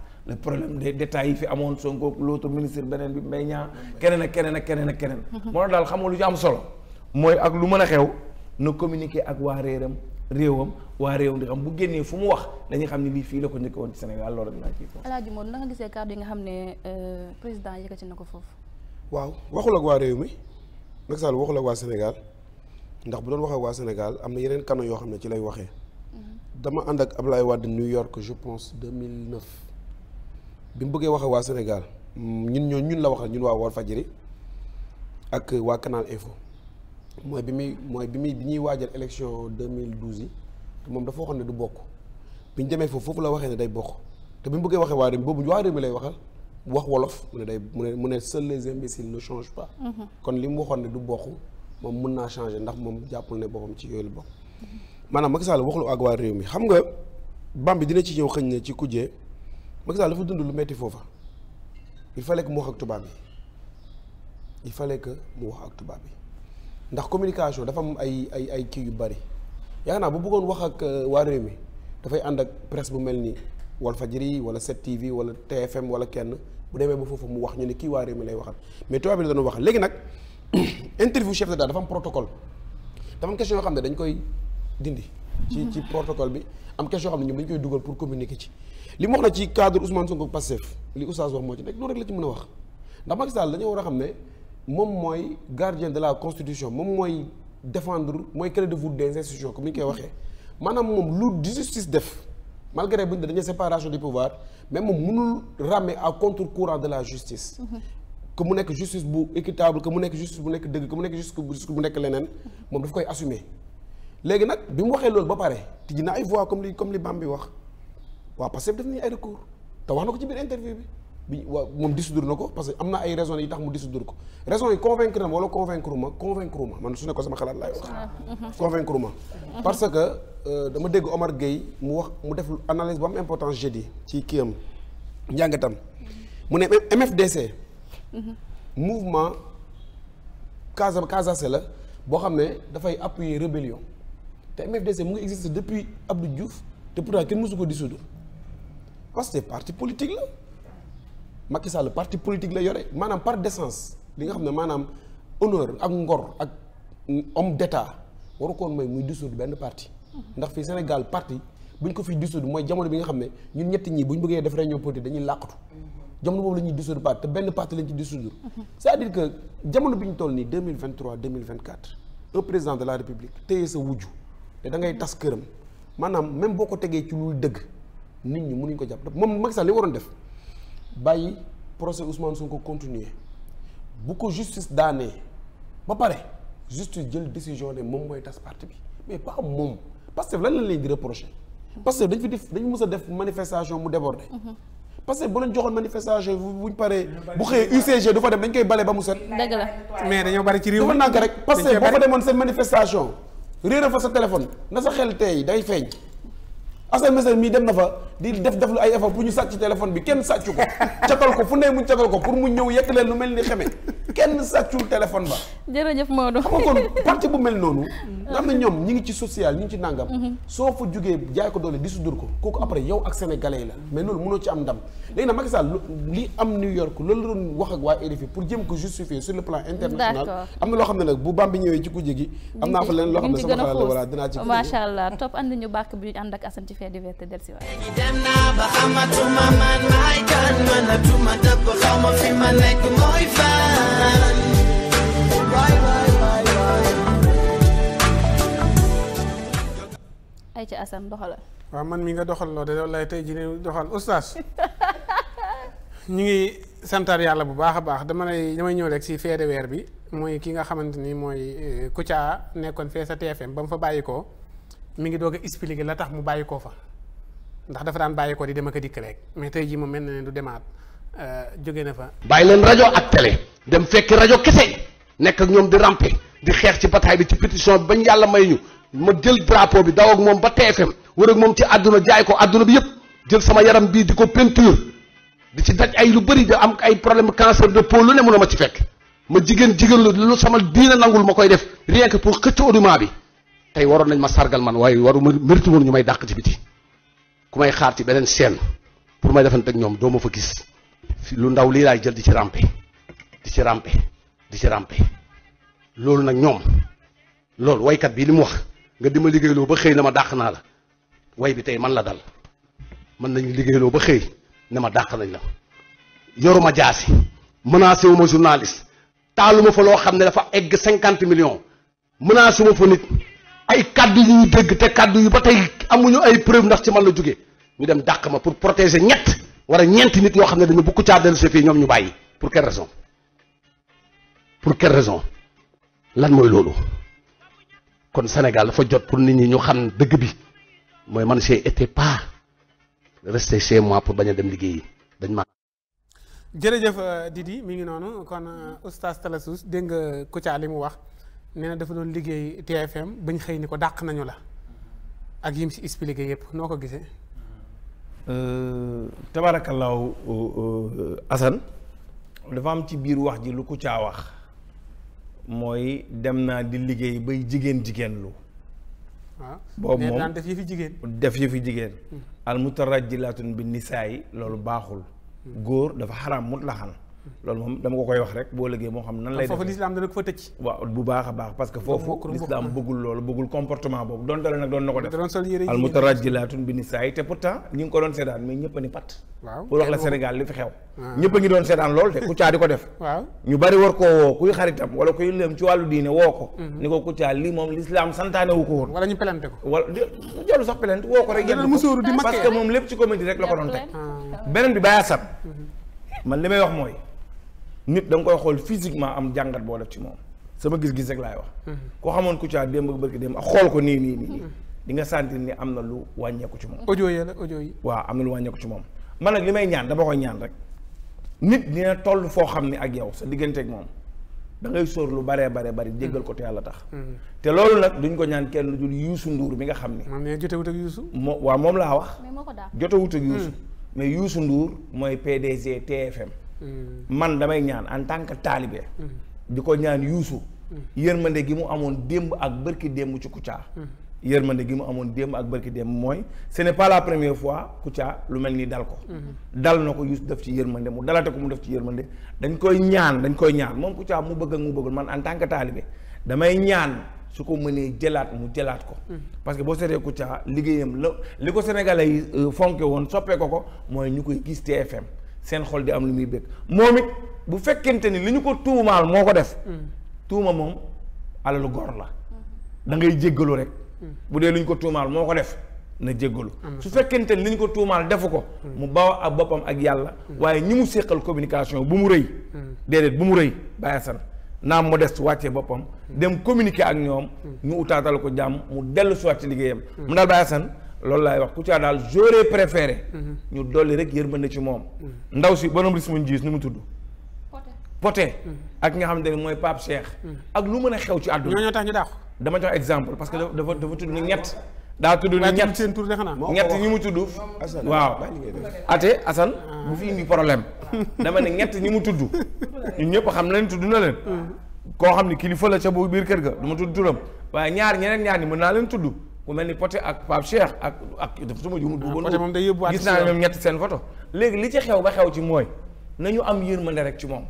problème des détails yi fi amoon Sonko l'autre ministre beneen bi Mbaye Niang keneen ak keneen ak keneen ak keneen. Mhm. moo daal xam lu ci am solo. mooy ak lu mën a réewam waa réew di xam bu génnee fu mu wax dañuy xam ne lii fii la ko njëkk woon ci Sénégal loolu rek na nga gisee kàddu yi nga xam ne euh, président yëkkati na ko foofu. waaw waxul waa réew mi Macky Sall waa Sénégal ndax bu doon wax waa Sénégal am na yeneen canaux yoo xam ne ci lay waxee. Mhm. dama ànd ak ab Ablaye Wade New York je pense 2009 bi mu bëggee wax waa Sénégal ñun ñoo ñun la waxal ñun waa Walfadjri ak waa Canal Info. mooy bi muy mooy bi muy bi ñuy waajal élection 2012 yi te moom dafa waxoon ne du bokk bi ñu demee foofu foofu la waxee ne day bokk te bi mu bëggee waxee waa réew mi boobu waa réew mi lay waxal wax wolof mu ne day mu ne mu ne seuls les imbéciles ne changent pas. Mhm. kon li mu waxoon ne du bokk moom mun naa changer ndax moom jàppul ne boppam ci yooyu la bokk. maanaam Macky Sall waxlu ak waa réew mi xam nga bam bi dina ci ñëw xëñ ne ci kujjee Macky Sall dafa dund lu metti foofa il fallait que mu ak tubaab bi il mu wax ak tubaab bi. ndax communication dafa am ay ay ay kii yu bari yaakaar naa bu bëggoon wax ak euh, waa réew mi dafay ànd ak presse bu mel ni Walfadjri wala 7TV wala TFM wala kenn bu demee ba foofu mu wax ñu ne kii waa réew mi lay waxal mais tubaab bi la wax léegi nag [coughs] interview chef d'État dafa am protocole dafa am question yoo xam ne dañ koy dindi. ci ci protocole bi am question xam ne ñoom dañ koy dugal pour communiquer ci. li mu wax na ci cadre Ousmane Sonko Pastef li Oustaz wax moo ci nekk loolu ci mën a wax ndax Macky Sall dañoo war a xam ne. moom mooy gardien de la constitution moom mooy défendre mooy clé de voûte des institutions comme koy waxee maanaam moom lu di justice def malgré bu ñu dañuy séparation du mënul ramer à contre de la justice. que mu nekk justice bu équitable que mu nekk justice bu nekk dëgg que mu nekk justice bu justice nekk leneen moom daf koy assumer léegi nag bi mu waxee loolu ba pare tijji na ay voix comme li comme li Bambi wax waa parce que def nañu ay recours te wax na ko ci biir interview bi. bi waa moom dissoudre na ko parce que am na ay raisons yi tax mu dissoudre ko raisons yi convaincre na ma wala convaincre ma convaincre ma man su ne ko sama xalaat laay wax. convaincre ma parce que euh, dama dégg Omar Gueye mu wax mu def analyse bu important importance jeudi ci kii am njàngatam mu ne MFDC. mouvement Casa Casase la boo xam ne dafay appuyer rébellion te MFDC mu ngi existe depuis Abdou Diouf te pourtant kenn mësu ko dissoudre que parti politique la. Macky Sall parti politique la yore maanaam par décence li nga xam ne maanaam honneur ak ngor ak homme d'état waru koon mooy muy dissoudre benn parti. ndax fii Sénégal parti bu ñu ko fi dissoudre mooy jamono bi nga xam ne ñu ñetti ñii bu ñu bëggee def réunion politique dañuy làqatu. jamono boobu la ñuy dissoudre parti te benn parti lañ ci dissoudre. cest dire que jamono bi ñu toll nii deux mille vingt trois deux mille vingt quatre un président de la république téye sa wujju te da ngay tas këram maanaam même boo ko tegee ci dëgg nit ñi mënuñ ko jàpp moom Macky Sall waroon def. bàyyi procès suñ ko continuer bu ko justice daanee ba pare justice jël décision ne moom mooy tas parti bi mais pas moom parce que lan lañ leen di reprocher parce que dañ fi def dañ mës a def manifestation mu débordé parce que bu leen joxoon manifestation bu ñu paree bu xëyee UCG du fa dem dañ koy bale ba mu set. dëgg la mais dañoo bari ci réew mi dafa rek parce que boo fa demoon seen manifestation réer fa sa téléphone na sa xel tey day feeñ. Assane Messere mii dem na fa di def def lu ay effort pour ñu sàcc téléphone bi kenn sàccu ko catal ko fu ne mu catal ko pour mu ñëw yekk leen lu mel ni xeme kenn sàccul téléphone ba. jërëjëf Maodo. xam nga kon mm. ngi ci social ñi ngi ci nàngam. Mm-hmm. soo fa jugee jaay ko doole di su dur ko kooku après yow ak sénégalais la mais loolu mënoo ci am ndam ko justifier sur le plan na loo xam ne nag bu bam bi ñëwee ci kujje gi. am naa fa leneen loo xam ne sama xalaat la dinaa ci. macha allah topp ànd ñu bàkk bi ànd ak Assane ci fait divers te del si waay dem naa ba man maay kan mënatuma dëpp xaw ma fi ma nekk mooy fan ay ci Assane doxalal waaw man mi nga doxal loo de wallaay tey ji ne doxal oustaz ñu ngi santar yàlla bu baax a baax dama lay damay ñëw rek si feede weer bi mooy ki nga xamante ni mooy eh, Kouthia nekkoon fee sa TFM ba mu fa bàyyi ko mi ngi doog a la tax mu bàyyi koo fa ndax dafa daan bàyyi koo di dem ak a dikk rek mais tey jii moom mel na ne du demaat euh, jóge na fa. bàyyi leen rajo ak tele dem fekki rajo kese nekk ak ñoom di rampe di xeex ci bataay bi ci pétition bi bañ yàlla may ñu ma jël drapeau bi daw ak moom ba TFM wër ak moom ci àdduna jaay ko àdduna bi yëpp jël sama yaram bii di ko peinture di ci daj ay lu bëri di am ay problème cancer de po lu ne mun a ma ci fekk ma jigéen jigéen lu sama diina nangul ma koy def rien pour xëcc audiment bi. tey waroon nañ ma sargal man waaye waru ma mértu woon ñu may dàq ci biti ku may xaar ci beneen seen pour may defante ak ñoom doo ma fa gis lu ndaw lii laay jël di ci rampe di ci rampe loolu nag ñoom loolu waykat bii li mu wax nga di ma liggéeyloo ba xëy na ma dàq naa la way bi tey man la dal mën nañu liggéeyloo ba xëy ne ma dàq nañ la yoruma jaasi menacé wu ma journaliste taaluma fa loo xam ne dafa egg cinquante million menacé ma nit ay kaddu yu ñuy te kàddu yu ba tey amuñu ay preuve ndax ci man la jóge ñu dem dàq ma pour protéger ñett wala ñeenti nit ñoo xam ne dañu bu Kouthia dellu si fii ñoom ñu bàyyi pour quelle raison pour quelle raison lan mooy loolu kon Sénégal dafa jot pour nit ñi ñu xam dëgg bi mooy man j'ai été pas resté chez moi pour bañ a dem liggéeyi dañ ma jërëjëf euh, Didi mi ngi noonu kon euh, oustaz Talla Souz dégg nga Kouthia li mu wax. nee dafa doon liggéey TFM bañ xëy ni ko dàq nañu la ak yim si expliqué yëpp noo ko gisee. Euh, tabaarakallaahu euh, euh, Assane dafa am ci biir wax ji lu ku caa wax mooy dem naa di liggéey bay jigéen jigéen lu. Ah, boobu moom def yëfi jigéen. def yëfi jigéen. Hmm. al mutarajjilaatun bi nisaay loolu baaxul. Hmm. góor dafa xaraam mutlaxan loolu moom dama ko koy wax rek boo lëggee moo xam nan lay def lislaam dana ko fa tëj waaw bu baax a baax parce que foofu lislaam bëggul loolu bëggul comportement boobu doon dale nag doon na ko def al mutarajjilaatun bi nisaa te pourtant ñi ngi ko doon seetaan mais ñëpp a ni pat pour wax la Sénégal li fi xew ah. ñëpp a ngi doon seetaan loolu te Kouthia di ko def ñu bari war koo woo kuy xaritam wala kuy lëm ci wàllu diine woo ko mhm. ni ko Kouthia lii moom lislaam ko woon wala ñu pelante ko wala jolu sax pelante woo ko rek parce que la ko mhm. wax mooy nit danga nga koy xool physiquement am jàngat boo def ci moom sama gis-gis rek laay wax. Mhm. koo xamoon Kouthia démb bëgg démb ak xool ko nii nii nii. Mhm. di nga sentir ni am na lu wàññeeku ci moom. audio yi nag yi. waaw am wàññeeku ci moom man li may ñaan dama koy ñaan rek nit dina toll foo xam ne ak yow sa diggante ak moom da ngay sóor lu baree baree bari mhm. jéggal ko yàlla tax. te loolu nag duñ ko ñaan kenn lu dul Youssou Ndour mi nga xam ni. mais jotewut ak Youssou. moo waaw moom laa wax. mais moo ko jotewut ak Youssou. Hmm. mais Youssou Ndour mooy PDG TFM. man damay ñaan en tant que taalibe di ko ñaan yuusu yërmande gi mu amoon démb ak bërki démb ci Kouthia yërmande gi mu amoon démb ak bërki démb mooy ce n'est pas la première fois Kouthia lu mel ni dal ko dal na ko Youssou def ci yërmande mu dalate ko mu def ci yërmande dañ koy ñaan dañ koy ñaan moom Kouthia mu bëgg ak mu bëggul man en tant que taalibe damay ñaan su ko mënee jëlaat mu jëlaat ko parce que boo seetee Kouthia liggéeyam la li ko sénégalais yi euh, fonke woon soppee ko ko mooy ñu koy gis TFM seen xol di am lu muy bëgg moom it bu fekkente ni li ñu ko tuumaal moo ko def mm. tuuma moom alalu gor la da ngay jéggalu rek mm. bu dee lu ñu ko tuumaal moo ko def na jéggalu su fekkente ni li ñu ko tuumaal defu ko mm. mu baw ak boppam ak yàlla waaye ñi mu séqal communication bu mu rëy déedéet bu mu rëy bàyyi san moo mu su wàccee boppam dem communiqué ak ñoom ñu utaatal ko jàmm mu dellu su waat liggéeyam mu daal bàyyi loolu laay wax ku Kouthia daal j'aurais préféré. Mhm. ñu dolli rek mën na ci moom. Mhm. ndaw si borom ris mu njiis nu mu tudd. poté mhm. ak nga xam ne mooy Pape Cheikh. ak lu mën a xew ci àdduna. ñooñu tax ñu daax dama jox exemple parce que ah. dafa dafa tudd ni ñett. daa tudd ni ñett seen tur de xanaa ñett ñi mu tudd. waaw ate Assane. Ah. bu fi indi problème. [laughs] dama ne ñett ñi mu tudd. [laughs] ñun ñëpp xam nañ tudd na leen. Mm. koo xam ne kilifa la ca bu biir kër ga du ma tudd turam waaye ñaar ñeneen ñaar ñi mën naa leen tudd. bu mel ni Poté ak Pape Cheikh ak ak dafa su ma juumul bu ah, Poté moom day yóbbuwaat gis naa ñoom ñett seen photo léegi li ci xew ba xew ci mooy na ñu am yërmande rek ci moom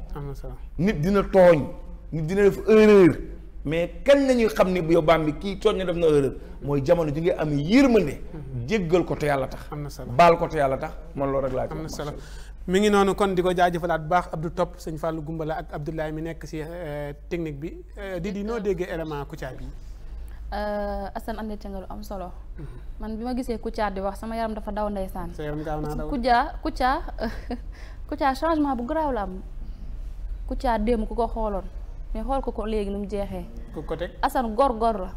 nit dina tooñ nit dina def erreur mais kenn nañuy xam ni yow baam bi kii tooñ na def na erreur mooy jamono ji nga am yërmande mm-hmm. jéggal ko te yàlla tax baal ko te yàlla tax man loolu rek laa am na solo mi ngi noonu kon di ko jaajëfalaat bu baax Abdou topp sëñ Fallou Gumbala ak Abdoulaye mi nekk si euh, technique bi euh, di di noo déggee élément Kouthia bi Euh, Assane am na lu am solo. Mm-hmm. man bi ma gisee Kouthia di wax sama yaram dafa daw ndeysaan. sa yaram daaw naa daw Kouthia Kouthia [laughs] Kouthia changement bu garaaw la am Kouthia démb ku ko xooloon mais xool ko ko léegi nu mu jeexee. ku ko teg la.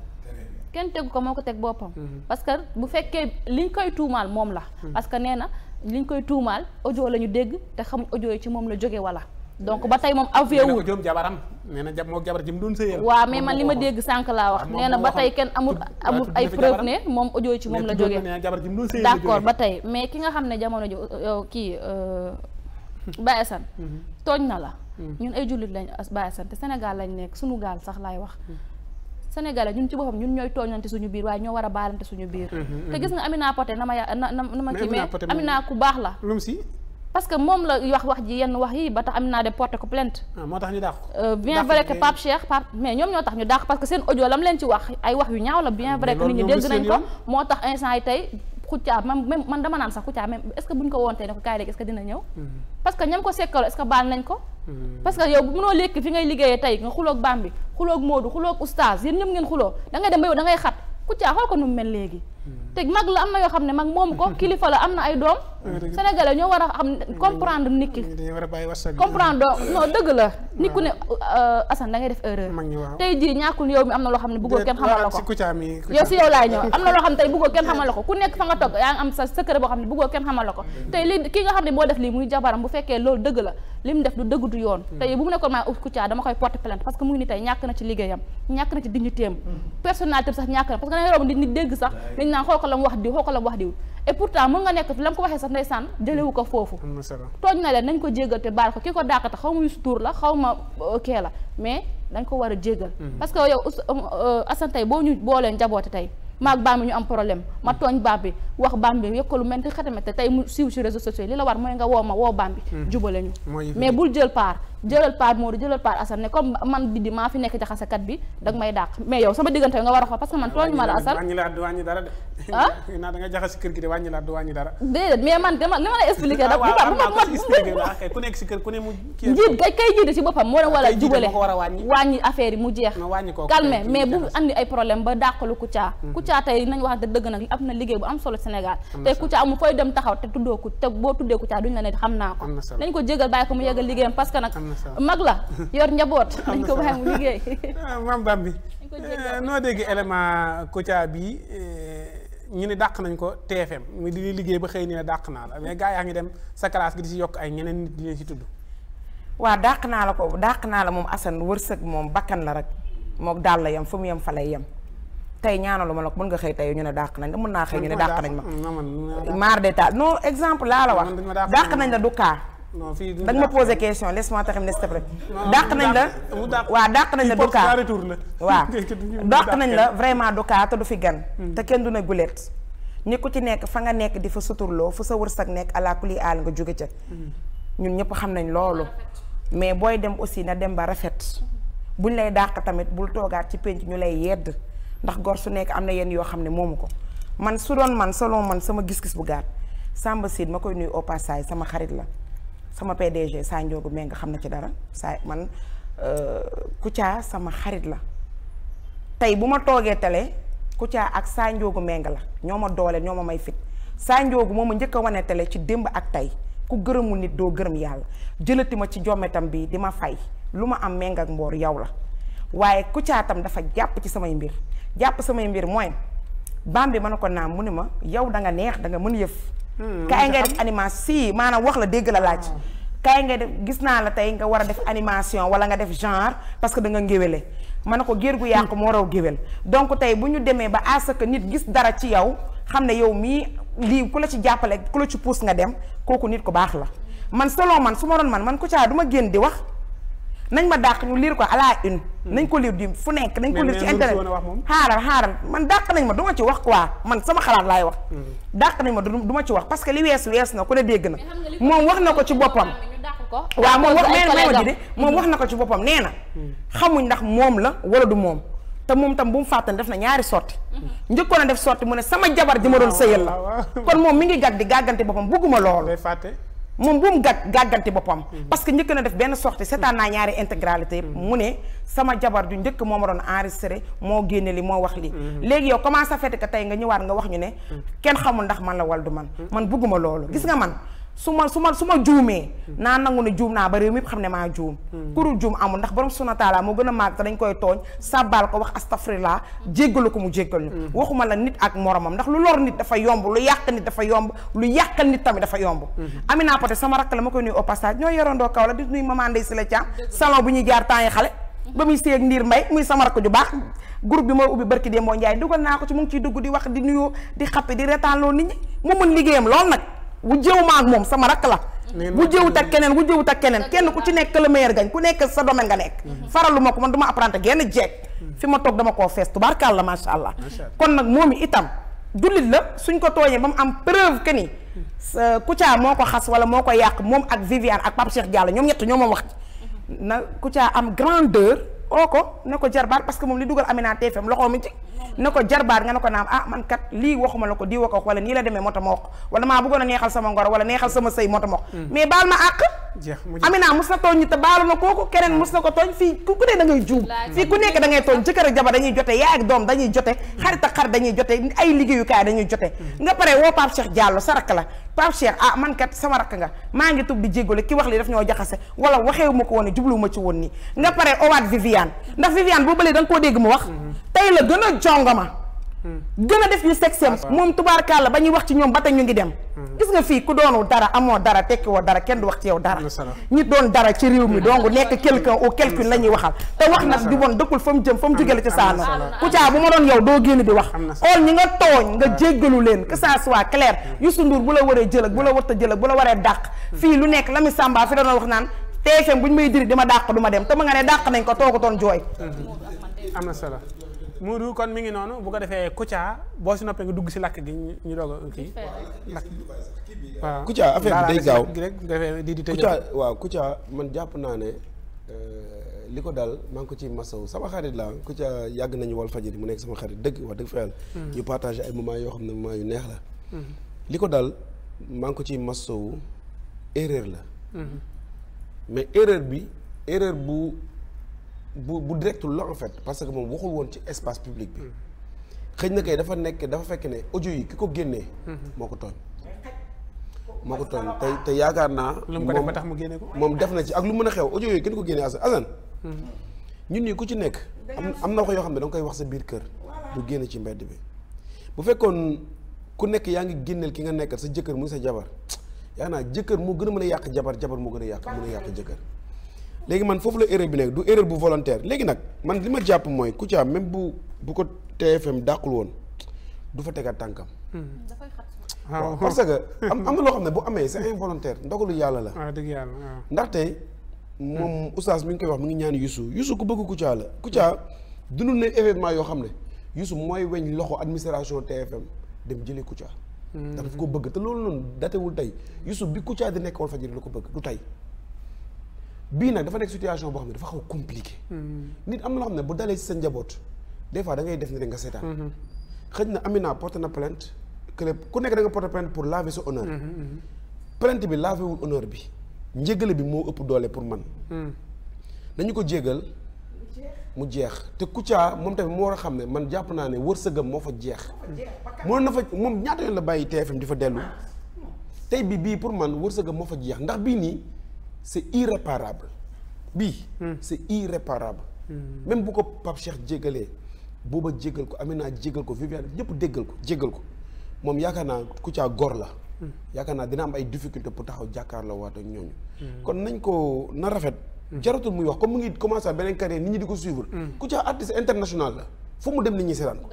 kenn tegu ko moo ko teg boppam. Mm-hmm. parce que bu fekkee liñ koy tuumaal moom la. Mm-hmm. parce que nee na liñ koy tuumaal audio la ñu dégg te xamuñ audio yi ci moom la jóge wala. donc ba tey moom avoué wul nee na na jab jabar ji mu doon sëyal waaw mais man li ma dégg sànq laa wax nee na ba tey kenn amul amul ay preuve ne moom audio ci moom la jógee d'accord ba tey mais ki nga xam ne jamono ji kii euh, Baye Assane mhm. tooñ na la mhm. ñun ay jullit lañ Baye Assane te Sénégal lañ nekk suñu gaal sax laay wax mhm. Sénégalais ñun ci boppam ñun ñooy tooñante suñu biir waaye ñoo war a baalante suñu biir te gis nga Amina Poté na ma ya na na ma kii mais naa ku baax la parce que moom la wax wax ji yenn wax yi ba tax am naa de porté ko plainte. Ah, euh, bien vrai que Pape Cheikh Pape mais ñoom ñoo tax ñu dàq parce que seen audio lam leen ci wax ay wax yu ñaaw la bien ah, vrai que nit ñi dégg nañ ko moo tax instant yi tey Kouthia man dama naan sax Kouthia même est-ce que buñ ko woontee ne ko kaay léegi est dina ñëw mm-hmm. parce que ñam ko sekkal est baal nañ ko mm-hmm. parce que yow bu lekk fi ngay liggéeyee tey nga xuloog Bambi xuloog xuloog oustaz xuloo te mag la am na yoo xam ne mag moom ko [laughs] kilifa la am na ay doom sénégalais ñoo war a xam comprendre nit ki comprendre [laughs] non dëgg la nit ne euh, Assane da def erreur tey jii ñàkkul na loo xam ne tey bëggoo kenn xamal la ko ku nekk fa nga toog yaa ngi am sa secret boo xam ne bëggoo kenn xamal la ko tey li ki nga xam ne moo def lii muy jabaram bu fekkee loolu dëgg la li def du dëgg du yoon hmm. tey bu mu nekkoon maa Kouthia dama koy porter plainte parce que naan xool ko la mu wax diw xool ko la mu wax diw et pourtant mën nga nekk fi la mu ko waxee sax ndeysaan jëlewu ko foofu tooñ na leen nañ ko jéggal te baal ko ki ko dàqate xaw ma Youssou Ndour la xaw ma euh, kee la mais dañ ko war a jéggal mhm. parce que yow euh, euh, Assane boo ñu boo leen jaboote tey maag baam bi ñu am problème ma tooñ baam bi wax baam bi yëg ko lu mel ni tey mu siiw ci réseaux sociaux li la war mooy nga woo ma woo baam bi mhm. jubale ñu mais bul jël part jëlal paar Modou jëlal paar Assane ne comme man Biddi maa fi nekk jaxasekat bi danga may dàq mais yow a xool parce que man tooñ ma la Assane wàññi la du wàññi dara de ah [laughs] naa da nga jaxase kër gi de wàññi la du wàññi kay kay jiite boppam moo leen war a jubale wàññi affaire mu jeex calme mais bu andi ay problème ba dàqalu Kouthia mhm. Kouthia tey nañ wax dëgg nag am na liggéey bu am solo Sénégal tey Kouthia amul fooy dem taxaw te tuddoo ko te boo tuddee Kouthia duñ la ne xam naa ko nañ ko jégal bàyyi ko mu yeggal liggéeyam parce nag mag la yor njaboot. [laughs] nañ ko bàyyi mu liggéey. maam bam bi noo dégg élément Kouthia bi eh, ñu ne dàq nañ ko TFM muy di liggéey ba xëy na dàq naa la mais gaa yaa ngi dem sa classe gi di si yokk ay ñeneen nit di leen si tudd. waa dàq naa la ko dàq naa la moom Assane wërsëg moom bakkan la rek moom daal la yam fu mu yem fa lay yem. tey ñaanalu ma nag mën nga xëy tey ñu ne dàq nañ la mën naa xëy ñu ne dàq nañ ma maar de taal non exemple laa la wax dàq nañ la du kaa non fii du da nga ma posé question laisse-moi terminer s'il te plaît. dàq nañ la waaw dàq nañ la [laughs] [laughs] du cas waaw dàq nañ la vraiment du cas te du fi gan. Hmm. te kenn du na gulet. ni ku ci nekk fa nga nekk di fa suturloo fu sa wërsëg nekk ala kuli aal nga jóge ca. Hmm. ñun ñëpp xam nañ loolu. mais booy dem aussi na dem ba rafet. buñ lay dàq tamit bul toogaat ci penc ñu lay yedd ndax gor su nekk am na yenn yoo xam ne moomu ko man su doon man selon man sama gis-gis bu gaat Samba Sine ma koy nuyu au sama xarit la. sama PDG saa njoogu mee nga xam na ci dara saa man euh, Kouthia sama xarit la tey bu ma toogee télé Kouthia ak saa njoogu mee la ñoo ma doole ñoo ma may fit saa njoogu moom a njëkk a wane télé ci démb ak tey ku gërëmul nit doo gërëm yàlla jëlati ma ci jommetam bi di ma fay lu ma am méng ak mboor yow la waaye Kouthia tam dafa jàpp ci samay mbir jàpp samay mbir mooy bam bi mën a ko naam mu ne ma yow da nga neex da nga mën yëf Hmm, kaay ngay def animation si maanaam wax la dégg la laaj. Ah. kaay ngay def gis naa la tey nga war a def animation wala nga def genre parce que da nga ngéwéle ma ne ko géer gu yàq moo raw géwél donc tey bu ñu demee ba à ce nit gis dara ci yow xam ne yow mii lii ku la ci jàppale ku la ci pouse nga dem kooku nit ku baax la man selon man su ma doon man man ko caa du ma génn di wax. nañ ma dàq ñu liir ko à la une. Hmm. nañ ko lire di fu nekk nañ ko lire ci internet xaaral xaaral man dàq nañ ma du ci wax ko quoi man sama xalaat laay wax. Hmm. dàq nañ ma du duma ci wax parce que li wees wees na ku ne dégg na moom wax na ko ci boppam. waaw moom moom wax na ko ci boppam nee na. Hmm. xamuñ ndax moom la wala du moom. te moom tam bu mu fàttali def na ñaari sorti njëkkoon a def sorti mu ne sama jabar ji ma doon ah, sëyal la kon moom mi ngi gàddi gàggante boppam bugguma loolu. moom bu mu gàgg gàgganti boppam mm-hmm. parce que njëkk na def benn sortie seetaan naa ñaari intégralité mm-hmm. mu ne sama jabar ju njëkk moo ma doon enregistré moo génne li moo wax li mm-hmm. léegi yow comment ça fait tey nga ñëwaat nga wax ñu ne kenn xamul ndax man la wal du man man bugguma loolu gis nga man su ma su ma su ma juumee naa nangu ne juum naa ba réew mi xam ne maa juum hmm. kurul juum amul ndax borom suna taala moo gën a màgg te dañ koy tooñ sàbbaal ko wax astafrillah jéggalu ko mu jéggal hmm. waxuma la nit ak moromam ndax lu lor nit dafa yomb lu yàq nit dafa yomb lu yàqal nit tamit dafa yomb hmm. Amina Poté sama rakk la ma koy nuyu au passage ñoo yorondoo kaw la di nuyu maman Ndeye Sile Thiam salon bu ñuy jaar temps yi xale ba muy seeg ndiir mbay muy sama rakk ju baax groupe bi mooy ubbi barki Demba Ndiaye dugal mu ngi ciy dugg di wax di nuyoo di xappi di retaan loolu nit ñi mu liggéeyam lool nag bu jëw ma ak moom sama rakk la bu jëwut ak keneen bu jëwut ak keneen kenn ku ci nekk le meilleur gañ ku nekk sa domaine nga nekk mhm. faralu ko man du ma apprenti genn mhm. fi ma toog dama koo fees tubaarkaal la macha allah kon nag moom itam jullit la suñ ko tooñee ba mu am preuve que ni mhm. euh, Kouthia moo ko xas wala moo ko yàq moom ak Viviane ak Pape Cheikh Diallo ñoom ñett ñoo moom wax na ku ca am grandeur oo ko ne ko jarbaat parce que moom li dugal Amina TFM loxoom mi ci ne ko jarbaat nga ne ko naam ah man kat lii waxuma la ko di wa ko wala nii la demee moo tax wax wala maa bëggoon a neexal sama ngor wala neexal sama sëy moo tax ma wax mm. mais baal ma àq Amina mus na tooñ te baalu kooku keneen mus na ko tooñ fii ku ne da ngay juum fii ku nekk da ngay tooñ jëkkër ak jabar dañuy jote yaay ak doom dañuy jote mm. xarit xarit dañuy jote ay liggéeyukaay dañuy jote mm. nga pare woo Pape Cheikh sa rakk la Pape ah man ki wax li daf ñoo jaxase wala waxeewu ma ko woon ma ci woon nii nga pare da nga koo dégg mu wax mm-hmm. tey la a congoma hmm. gën a def yu sexem moom tubaarkàlla ba ñuy wax ci ñoom ba tey ñu ngi dem hmm. gis nga fii ku doonu dara amoo dara tekki woo dara kenn du wax ci yow dara ñi doon dara ci réew mi hmm. donc nekk quelqu'un ou quelqu'une la ñuy waxal te wax nag di bon dëkkul fa mu jëm fa mu jógele ci saano Kouthia bu ma doon yow doo génn di wax xool ñi nekk la mi sàmba fi doon wax naan TFM bu ñu may diri di ma dàq du dem te ma nga ne dàq nañ ko toogutoon jooy am Moodu kon mi ngi noonu bu ko defee Kouthia boo si noppee nga dugg si làkk gi ñu doog a kii. làkk waaw Kouthia affaire bi day gaaw di di Kouthia waaw Kouthia man jàpp naa ne euh, li ko dal maa ko ci masawu sama xarit la Kouthia yàgg nañu wal fajiri mu nekk sama xarit dëgg wax dëgg fa yàlla. Hmm. ñu partagé ay moments yoo xam ne moments yu neex la. Hmm. li ko dal maa ko ciy masawu erreur la. Hmm. mais erreur bi erreur bu. bu bu directul la en fait parce que moom waxul woon ci espace public bi xëy na kay dafa nekk dafa fekk ne audio yi ki ko génnee moo ko tooñ moo ko tooñ te te yaakaar naa moom def na ci ak lu mën a xew audio yooyu kenn ko génnee Assane Assane ñun ñi ku ci nekk am am na wax yoo xam ne da koy wax sa biir kër du génn ci mbedd bi bu fekkoon ku nekk yaa ngi génneel ki nga nekkal sa jëkkër muy sa jabar yaa naa jëkkër moo gën a mën a yàq jabar jabar moo gën a yàq mën léegi man foofu la erreur bi nekk du erreur bu volontaire léegi nag man li ma jàpp mooy Kouthia même bu bu ko TFM dàqul woon du fa tegaat tànkam. dafay hmm. xat ah, que. am am na loo xam ne bu [laughs] amee c'est involontaire ndogalu yàlla la. waaw ah, dëgg yàlla waaw ndaxte. moom hmm. oustaz mi ngi koy wax mi ngi ñaan yusu Youssou ku bëgg Kouthia la. Kouthia dundul na événement yoo xam ne yusu mooy weñ loxo administration TFM dem jëlee Kouthia. ndax hmm. daf ko bëgg te loolu noonu datewul tey yusu bi Kouthia di nekk Walfadjri la ko bëgg du tey. bii nag dafa nekk situation boo xam ne dafa xaw a compliqué. Hmm. nit am na loo xam ne bu dalee ci sa njaboot des fois da ngay def ni da nga seetaan. Hmm. xëj na Amina porte na plainte que ku nekk da nga porte plainte pour laver sa honneur. Hmm, plainte bi laver wul honneur bi njégale bi moo ëpp doole pour man. nañu ko jégal. mu jeex te ku Kouthia moom tamit moo war a xam ne man jàpp naa ne wër wërsëgam moo fa jeex. mënoon na fa moom ñaata yoon la bàyyi TFM di fa dellu. tey bi bii pour man wërsëgam moo fa jeex ndax bii nii. c'est irréparable bii c'est irréparable même bu ko Pape Cheikh jégalee booba jégal ko naa jégal ko Viviane ñëpp déggal ko jégal ko moom yaakaar naa ku caa góor la yaakaar naa dina am ay difficulté pour taxaw jàkkaarloo waat ak ñooñu kon nañ ko na rafet jaratul muy wax comme mu ngi commencé beneen carrière nit ñi di ko suivre ku caa artiste international la fu mu dem nit ñi seetaan ko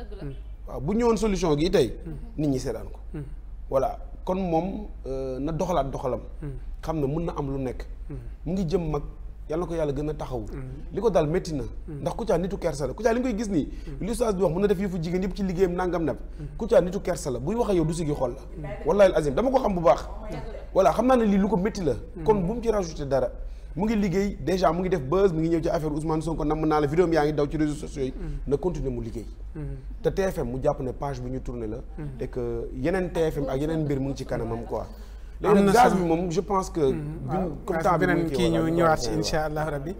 waaw bu ñëwoon solution gi tey mm. nit ñi seetaan ko mm. voilà kon moom euh, na doxalaat doxalam mm. xam ne mun na am lu nekk. Mm-hmm. mu ngi jëm mag yàlla ko yàlla gën a taxaw. Mm-hmm. li ko daal metti na. Mm-hmm. ndax Kouthia nitu kersa la Kouthia li nga koy gis nii. li ustaas bi wax mun na def yëfu jigéen yëpp ci liggéeyam nangam nag. Kouthia nitu kersa la buy wax ak yow du sigi xol la. wallaahi azim dama ko xam bu baax. Oh voilà xam naa ne lii lu ko métti la. kon bu mu ci rajouté dara. mu ngi liggéey déjà mu ngi def buzz mu ngi ñëw ci affaire Ousmane Sonko namm naa la vidéo yaa ngi daw ci réseaux sociaux yi. mu liggéey. te TFM mu jàpp ne page bi ñu tourné la. et yeneen TFM ak yeneen mbir mu ngi ci kanamam quoi. léegi nag bi moom je pense que. Mm-hmm. comme temps beneen kii ñu ñëwaat si incha allah rabbi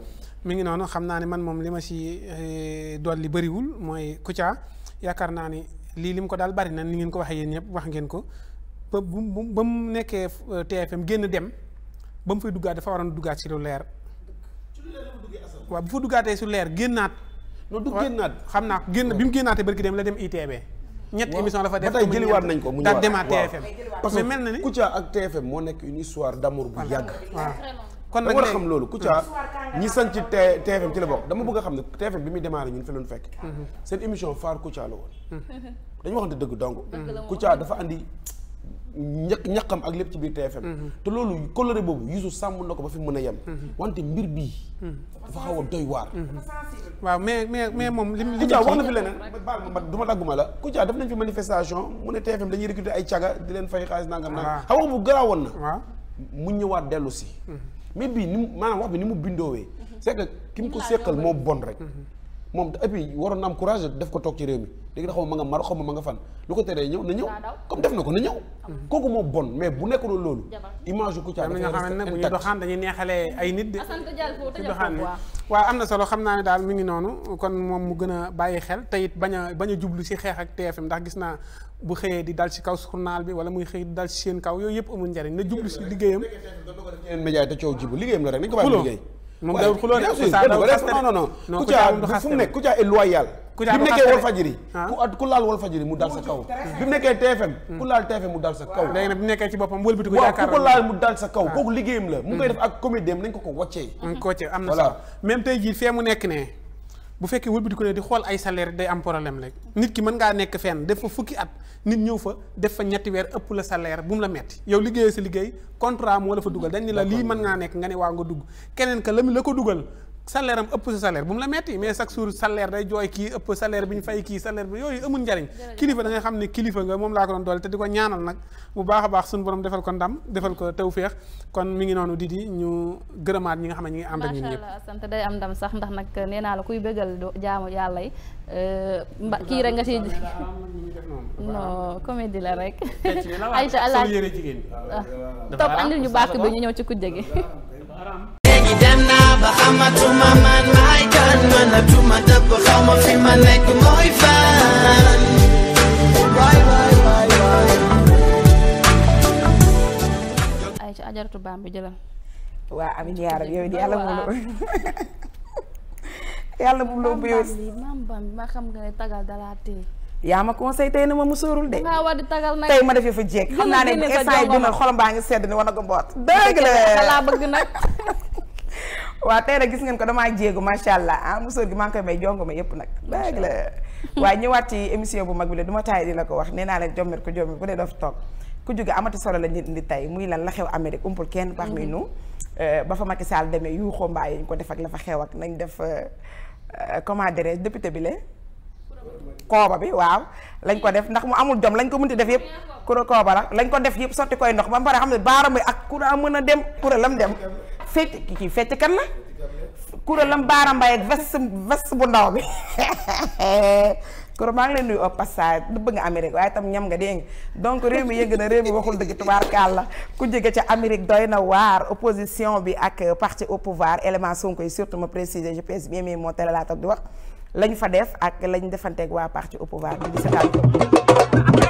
mi ngi noonu xam naa ne man moom li ma si eh, dool li bëriwul mooy Kouthia yaakaar naa ni lii lim ko daal bari na li ngeen ko waxee yéen ñëpp wax ngeen ko ba bu ba mu nekkee eh, TFM génn dem ba mu fay duggaat dafa waroon duggaat si lu leer. waaw bu fa duggaatee su leer génnaat. loolu du génnaat xam naa génn bi mu génnaatee barki dem la dem ITB. ñetti émission dafa def ko mu ñëwaat demaat TFM parce que mel na ni Kouthia ak TFM moo nekk une histoire d'amour bu yàgg kon nag war a xam loolu Kouthia ñi sañ ci TFM ci la bokk dama bëgg a xam ne TFM bi muy démarré ñun fi loon fekk mhm. seen émission phare Kouthia la woon mhm. dañu waxante dëgg donc Kouthia dafa andi ñaq ñaqam ak lépp ci biir TFM mm-hmm. te loolu coloré boobu Youssou sàmm na ko ba fi mën a yem mm-hmm. wante mbir bii mm-hmm. dafa xaw a doy waar waaw mais mais mais moom li Kouthia wax na fi leneen baal ma du ma dagguma la Kouthia def nañ fi manifestation mu ne TFM dañuy recruter ay caga di leen fay xaalis nangam nag ah. xam nga bu garaawoon na ah. mu ñëwaat dellu si mais bii ni mu maanaam wax bi ni mu bindoowee c'est que ki mu ko séqal moo bon rek moom et waroon am courage def ko toog ci réew mi léegi da xaw ma nga mar xaw a ma nga fan lu ko teree ñëw na ñëw comme def na ko na ñëw kooku moo bon mais bu nekkul loolu image yu Kouthia dañoo xam ne bu ñu doxaan dañuy neexalee ay nit de ci doxaan bi waaw am na solo xam naa ne daal mi ngi noonu kon moom mu gën a bàyyi xel te it bañ a bañ a jublu si xeex ak TFM ndax gis naa bu xëyee di dal si kaw journal bi wala muy xëy di dal si seen kaw yooyu yëpp amul njariñ na jublu si liggéeyam média te coow jibu liggéeyam rek nañ ko bàyyi moom dawul xuloo non non non. non Kouthia fu mu bi mu nekkee Walfadjri ah. ku ku laal Walfadjri mu dal sa kaw. bi mu nekkee TFM. ku laal TFM mu dal sa kaw. léegi nag bi mu nekkee ci boppam wëlbatiku yaakaar ko laal mu dal sa kaw ah. kooku liggéeyam la. mu ngi hmm. def ak comédie am nañ ko ko wàccee. Hmm, am tey jii fee mu nekk ne bu fekkee wëlbati ko ne di xool ay salaire day am problème léegi nit ki mën ngaa nekk fenn def fa fukki at nit ñëw fa def fa ñetti weer ëpp la salaire bu mu la metti yow liggéeyee sa liggéey contrat moo la fa dugal dañ ni la lii mën ngaa nekk nga ne waa nga dugg keneen ka la la ko dugal salaire am ëpp sa salaire bu mu la metti mais chaque jour salaire day jooy kii ëpp salaire bi ñu fay kii salaire bi yooyu amul njariñ kilifa da xam ne kilifa nga moom laa ko doon doole te di ko ñaanal baax a baax suñu borom defal ko ndam defal ko feex kon mi ngi noonu di di ñu gërëmaat ñi nga xam ne ñi ngi ànd ak ñun ñëpp sant day am ndam sax ndax nag nee naa la kuy bégal jaamu yàlla yi euh, mba kii rek nga si [laughs] non comédie la rek ayca [laughs] alaaj ah. topp andil ñu bàkk bi ñu ñëw ci kujje gi ba xamatuma man maay kan mënatuma dëpp xaw ma fi ma nekk mooy fan ay ci ajaratu baam bi jëlal waa amin yaa rab yow yàlla moom bu loo bu yow maam ma xam nga ne tagal dalaa téye yaa ma conseil tey na ma musoorul de. nga war tagal nag tey ma defee fa jéeg. xam naa ne instant yi dina xolam baa ngi sedd ni wana ko mboot. dëgg laa bëgg nag. [laughs] [laughs] waa tey gis ngeen ko damaa jéegu macha allah ah musóor gi maa ngi koy may jongo ma yëpp nag dëgg la [laughs] waaye ñëwaat ci émission bu mag bi la du ma di la ko wax nee naa leen jommet ko jommet bu dee daf toog ku jóge amati solo la nit ndi tey muy lan la xew Amérique umpul kenn baax mi nu ba fa Macky Sall demee yu xombaa yi ko def ak la fa xew ak nañ def euh, euh, comment dirais député bi la kooba bi waaw lañ ko def ndax mu amul jom lañ ko mënti def yëpp kura kooba la lañ ko def yëpp sotti koy ndox ba pare xam ne baaraam ak kura mën a dem kura lam dem fecc kii fecc kan la kuréelam baara mbay ak vest vest bu ndaw bi [laughs] koro maa ngi leen nuyu au passage dëbb nga Amérique waaye tam ñam nga dégg donc réew mi yëng na réew mi waxul dëgg tubaarkaal la ku jóge ca Amérique doy na waar opposition bi ak parti au pouvoir élément Sonko yi surtout ma préciser je pèse bien moo teel laa toog di wax lañu fa def ak lañ defanteek waa parti au pouvoir bi di seetaan ko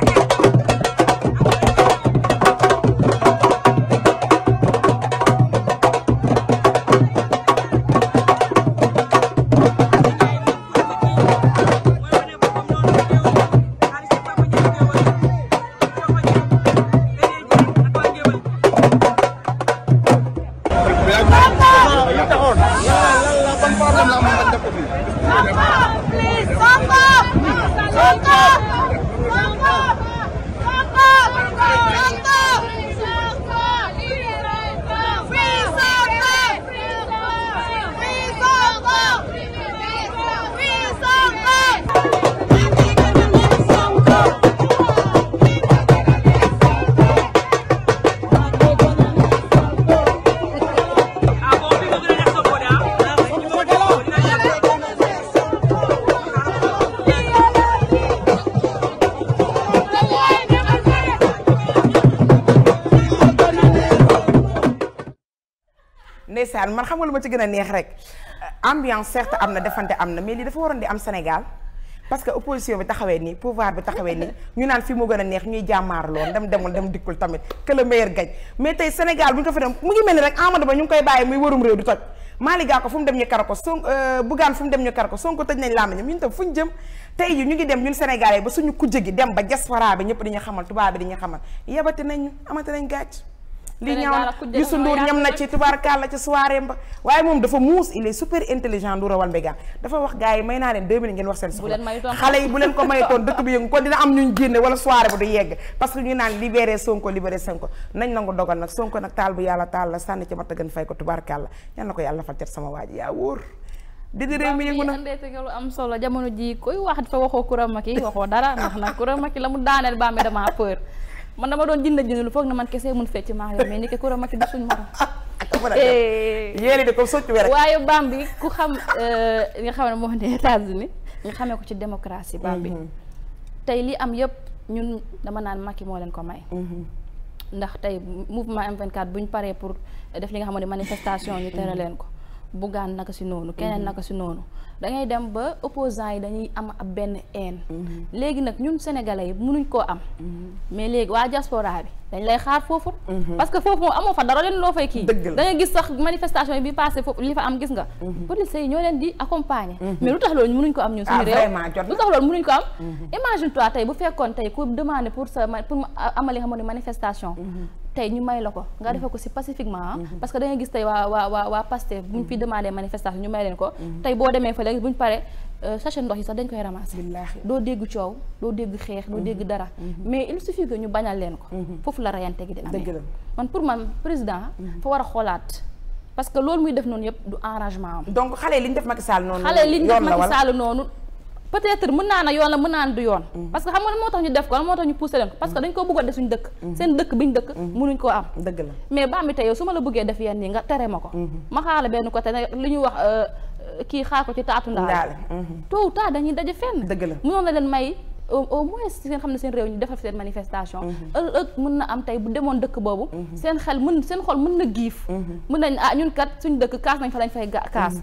man xam nga lu ma ci gën a neex rek ambiance certes am na defante am na mais lii dafa waroon di am Sénégal parce que opposition bi taxawee nii pouvoir bi taxawee nii ñu naan fi mu gën a neex ñuy jàmmaar lool dem demul dem dikkul tamit que le meilleur gagne mais tey Sénégal bu ñu ko fa dem mu ngi mel ni rek Amadou Ba ñu ngi koy bàyyi muy warum réew di toj Malick Gakou fu mu dem ñu kar ko son euh, Bougane fu mu dem ñu kar ko Sonko tëj nañ laam ñam ñun tam fu ngi dem ñun Sénégalais ba ñu ñu xamal yebati li ñaaw na Youssou Ndour ñam na ci tubaarkàlla ci waaye moom dafa muus il super intelligent du rawal mbégaan dafa wax gars yi may naa leen deux minutes ngeen wax seen soxla xale yi bu leen ko maytoon dëkk bi yëngu kon dina am ñuñ génne wala soirée ba du yegg parce que ñu naan libéré Sonko libéré Sonko nañ nangu dogal nag Sonko nag taal bu yàlla taal la sànni ci mat a gën fay ko tubaarkàlla yal na ko yàlla fal cat sama waaji yaa wóor didi réew yëngu ji koy wax man dama doon jënd jënd lu foog na man kese mun fecc maa yow mais ni ko kuréel ma ci du suñu morom. [laughs] Eh. yéen de comme waaye bam bi ku xam eh, nga xam ne moo ne États-Unis nga xamee ko ci démocratie bam bi mm-hmm. tey li am yëpp ñun dama naan Macky moo leen ko may. Mm-hmm. ndax tey mouvement M24 bu ñu paree pour def li nga xam ne manifestation ñu tere leen ko. Bougane naka si noonu. keneen mm-hmm. naka si noonu. da ngay dem ba opposants yi dañuy am ab benn haine. Mm-hmm. léegi nag ñun sénégalais yi mënuñ koo am. Mm-hmm. mais léegi waa diaspora bi dañ lay xaar foofu. Mm-hmm. parce que foofu moom fa dara leen loo fay kii. dëgg la gis sax manifestation yi bi passé foofu li fa am gis nga. police yi ñoo leen di accompagner. mais lu tax loolu mënuñ ko am ñun suñu ah, réew. vraiment jot lu tax loolu mënuñ ko am. imagine toi tey bu fekkoon tey ku demandé pour sa pour amali xamoon manifestation. tey ñu may la ko nga defee ko si pacifiquement ah. mhm. parce que da gis tey waa waa waa waa Pastef bu ñu fi mhm. demandé manifestation ñu may leen ko mhm. tey boo demee fa léegi bu ñu paree euh, sachet ndox yi sax dañ koy ramasser doo dégg coow doo dégg xeex doo dégg dara mais il suffit que ñu bañal leen ko foofu la rayante gi di amee man pour man président fa war a xoolaat parce que loolu muy def noonu yëpp du enragement am donc xale li ñu def Macky Sall noonu noonu peut-être mën naa na yoon la mën naa na du yoon mm-hmm. parce que xam nga moo tax ñu def ko moo tax ñu poussé leen ko parce que dañ ko bëggoon def suñu dëkk mm-hmm. seen dëkk bi ñu dëkk mm-hmm. mënuñ koo am dëgg la mais ba mi tey yow su ma la bëggee def ko ma xaala benn euh, euh, kii xaar ci taatu ndaal tôt ou tard dañuy daje fen dëgg la mënoon na leen may au moins seen xam ne seen réew ñu defal seen manifestation ëllëg mën na am tey bu demoon dëkk boobu seen xel mën seen xol mën na giif mën nañ ah ñun kat suñ dëkk kaas nañ fa lañ fay kaas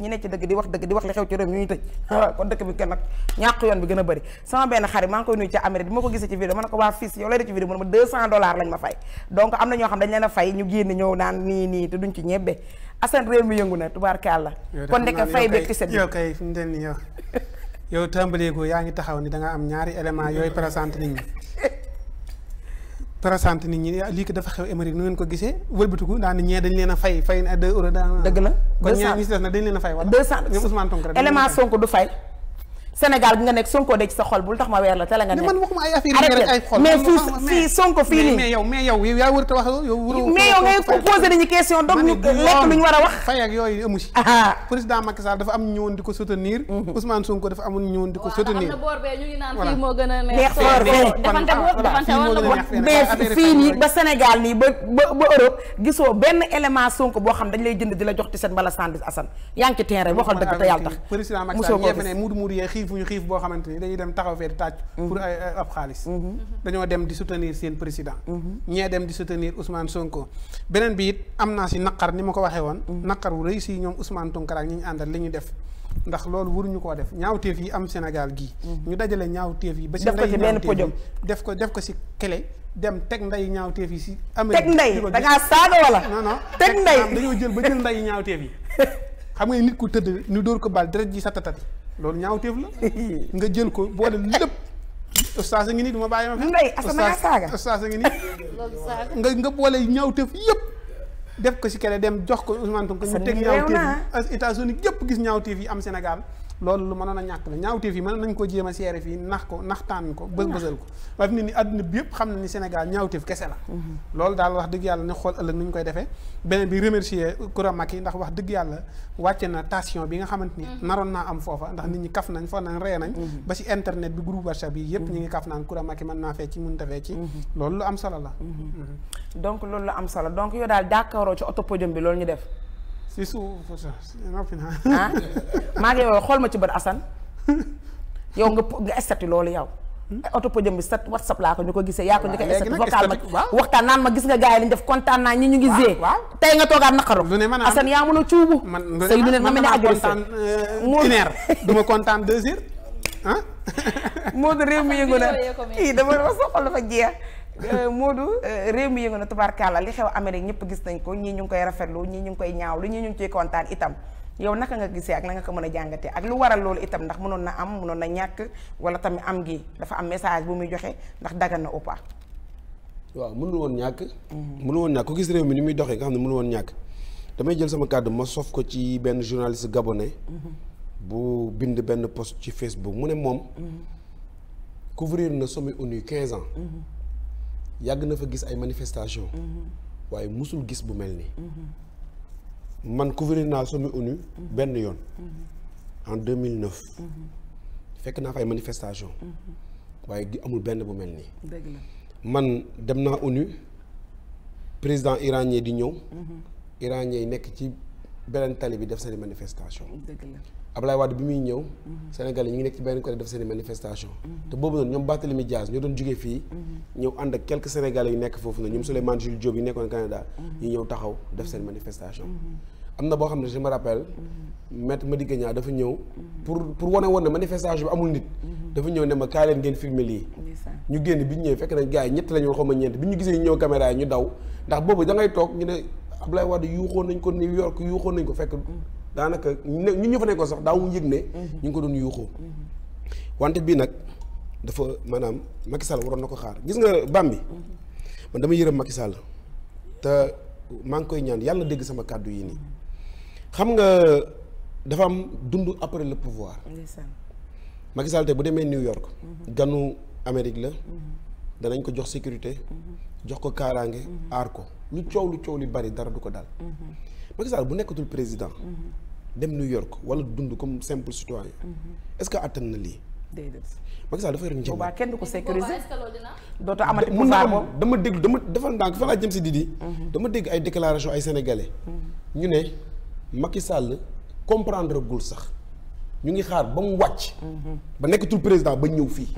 ñu ne ci dëgg di wax dëgg di wax li xew ci réew ñu ñu tëj kon dëkk bi kenn nag ñàkk yoon bi gën a bëri sama benn xarit maa ngi koy nuyu ci Amérique bi ma ko gisee ci vidéo ma ne ko waa fils yow lay def ci vidéo mu ne ma 200 dollars lañ ma fay donc am na ñoo xam dañ leen a fay ñu génn ñëw naan nii nii te duñ ci ñebbe Assane réew mi yëngu na tubaarkàlla kon ndekk fay bekk ci set yow kay mu ne nii yow [laughs] yow tàmbaleegoo yaa ngi taxaw ni danga am ñaari élément yooyu présenté nit [laughs] présente nit ñi lii ko dafa xew Amérique nu ngeen ko gisee wëlbatiku daan ni ñee dañ leen a fay fay na dëgg la kon ñaar ñi si nag dañ leen a fay wala deux cent ñoom Ousmane Tounkara élément Sonko du fay Sénégal bi nga nekk Sonko de ci sa xol bul tax ma weer la te la nga nekk. mais mais fii fii Sonko fii nii. mais yow mais yow yaa wër te wax yow. wëroo mais yow lu ñu war a wax. fay ak yooyu amu si. Ah ah. président Macky Sall am ñëwoon di ko soutenir. Mhm. Ousmane Sonko dafa amoon ñëwoon di ko soutenir. voilà am na boor bee ñu ngi naan fii moo gën Sénégal nii ba ba ba Europe gisoo benn élément Sonko boo xam dañ lay jënd di la jox ci seen mbala sandwich Assane yaa waxal dëgg te yàlla tax. musoo ko gis xiifuñu xiif boo xamante ni dañuy dem taxaw fee di tàcc mhm. pour ay ab xaalis mhm. dañoo dem di soutenir seen président mhm. ñee dem di soutenir Ousmane Sonko beneen bi it am naa si naqar ni ma ko waxee woon naqar wu rëy si ñoom Ousmane Tounkara ak ñi ñu àndal li ñu def ndax loolu ñu koo def ñaaw teef yi am Sénégal gii ñu dajale ñaawteef yi ba si ndey ñaawteef yi def ko def ko si kele dem teg nday ñaawteef yi si Amérique teg nday da ngaa saaga wala non non teg nday dañoo jël ba jël nday ñaawteef yi [laughs] xam nga nit ku tëdd ñu dóor ko bal deret ji sa tatati loolu ñaawteef la [laughs] nga jël ko boole lépp ustaas a ngi nii du ma bàyyi ma fi ndey a ngi nii nga nga boole ñaawteef yëpp def ko si kere dem jox ko Ousmane Sonko ñu teg ñaawteef yi États-Unis yëpp gis ñaawteef yi am Sénégal loolu lu mënoon a ñàkk la ñaawteef yi mën nañ ko jéem a seere fii nax ko naxtaan ko bës bësal ko waaye fi ne ni àdduna bi yëpp xam na ni Sénégal ñaawteef kese la mhm. loolu daal wax dëgg yàlla ne xool ëllëg nu ñu koy defee beneen bi remercier Koura Macky ndax wax dëgg yàlla wàcce na tension bi nga xamante ni mhm. naroon naa am foofa ndax nit ñi kaf nañ foo nañ ree nañ mhm. ba ci internet bi groupe WhatsApp yi yëpp ñu ngi kaf naan Koura Macky mën naa fee ci mun tafee ci loolu lu am solo la donc loolu lu am solo donc yow daal d'accord ci autopodium bi loolu ñu def si suuf ah maa ngi yow xool ma ci bët Assane yow nga nga estati loolu yow. Hmm? oto podium bi sat whatsapp laa ko ñu ko gisee. yaa ko ñu ko estati vocal ma waxtaan naan ma gis nga gars yi lañ def kontaan naa ñi ñu ngi zee. tey nga toogaat naqaru. lu ne man Assane yaa mën a cuubu. man lu ne man man maa kontaan euh, une heure du ma kontaan deux heures ah. [laughs] Modou réew mi yëngu na kii dama dafa soxal dafa jeex. Euh, Modou euh, réew mi yëngu na tubaarkàlla li xew Amérique ñëpp gis nañ ko ñii ñu ngi koy rafetlu ñii ñu ngi koy ñaawlu ñii ñu ngi ciy kontaan itam yow naka nga gisee ak na nga ko mën a jàngatee ak lu waral loolu itam ndax mënoon na am mënoon na ñàkk wala tamit am gi dafa am message bu muy joxe ndax dagan na ou waaw mënul woon ñàkk mhm. mënul woon ñàkk ku gis réew mi ni muy doxe nga xam ne mënul woon ñàkk damay jël sama kàddu ma sof ko ci benn journaliste gabonais mhm. bu bind benn post ci Facebook mu ne moom mhm. couvrir na sommet ONU quinze yàgg na fa gis ay manifestation mm-hmm. waaye musul gis bu mel nii. Mm-hmm. man couvrir naa sommet ONU mm-hmm. benn yoon. en 2009. fekk naa fa ay manifestation waaye di amul benn bu mel ni dëgg la man dem naa ONU président iran iranien di ñëw. iranien yi nekk ci beneen tali bi def seen manifestation dëgg Ablaye Wade bi muy ñëw. Sénégal yi ñu ngi nekk ci benn côté def seen i manifestation te boobu noonu ñoom Barthélemy Diaz ñoo doon jógee fii. ñëw ànd ak quelques sénégalais yu nekk foofu noonu ñoom Souleymane Jules Diop yi nekkoon Canada. ñu ñëw taxaw def seen manifestation am na boo xam ne je me rappelle. maître Madické Niang dafa ñëw. pour pour wane woon ne manifestation bi amul nit. dafa ñëw ne ma kaay leen ngeen filmer lii. ñu génn bi ñu ñëwee fekk nañ gars yi ñett lañu waxoon ma ñeent bi ñu gisee ñëw caméra yi ñu daw ndax boobu da ngay toog ñu ne Ablaye Wade yuuxoon nañ ko New York yuuxoon nañ ko fekk daanaka ñu ñu fa nekkoon sax daawuñu yëg ne. ñu ngi ko doon yuuxoo. wante bii nag dafa maanaam Macky waroon na ko xaar gis nga bam bi man dama yërëm Macky Sall te maa ngi koy ñaan yàlla dégg sama kàddu yi nii xam nga dafa am dund après le pouvoir. Macky te bu demee New York. Mhm. ganu Amérique la. Mhm. danañ ko jox sécurité. Mhm. jox ko kaaraange aar ko lu coow lu coow li bari dara du ko daal. Macky Sall bu nekkatul président. dem New York wala dund comme simple citoyen est-ce que attan na lii. déedéet Macky Sall dafa yor njaboot. ko sécuriser dootoo amati pouvoir boobu dama déglu dama defal ndànk fa laa jëm si Didi. Mhm. dama dégg ay déclaration ay sénégalais. Mhm. ñu ne Macky Sall comprendre gul sax ñu ngi xaar ba mu wàcc. Mhm. ba nekkatul président ba ñëw fii.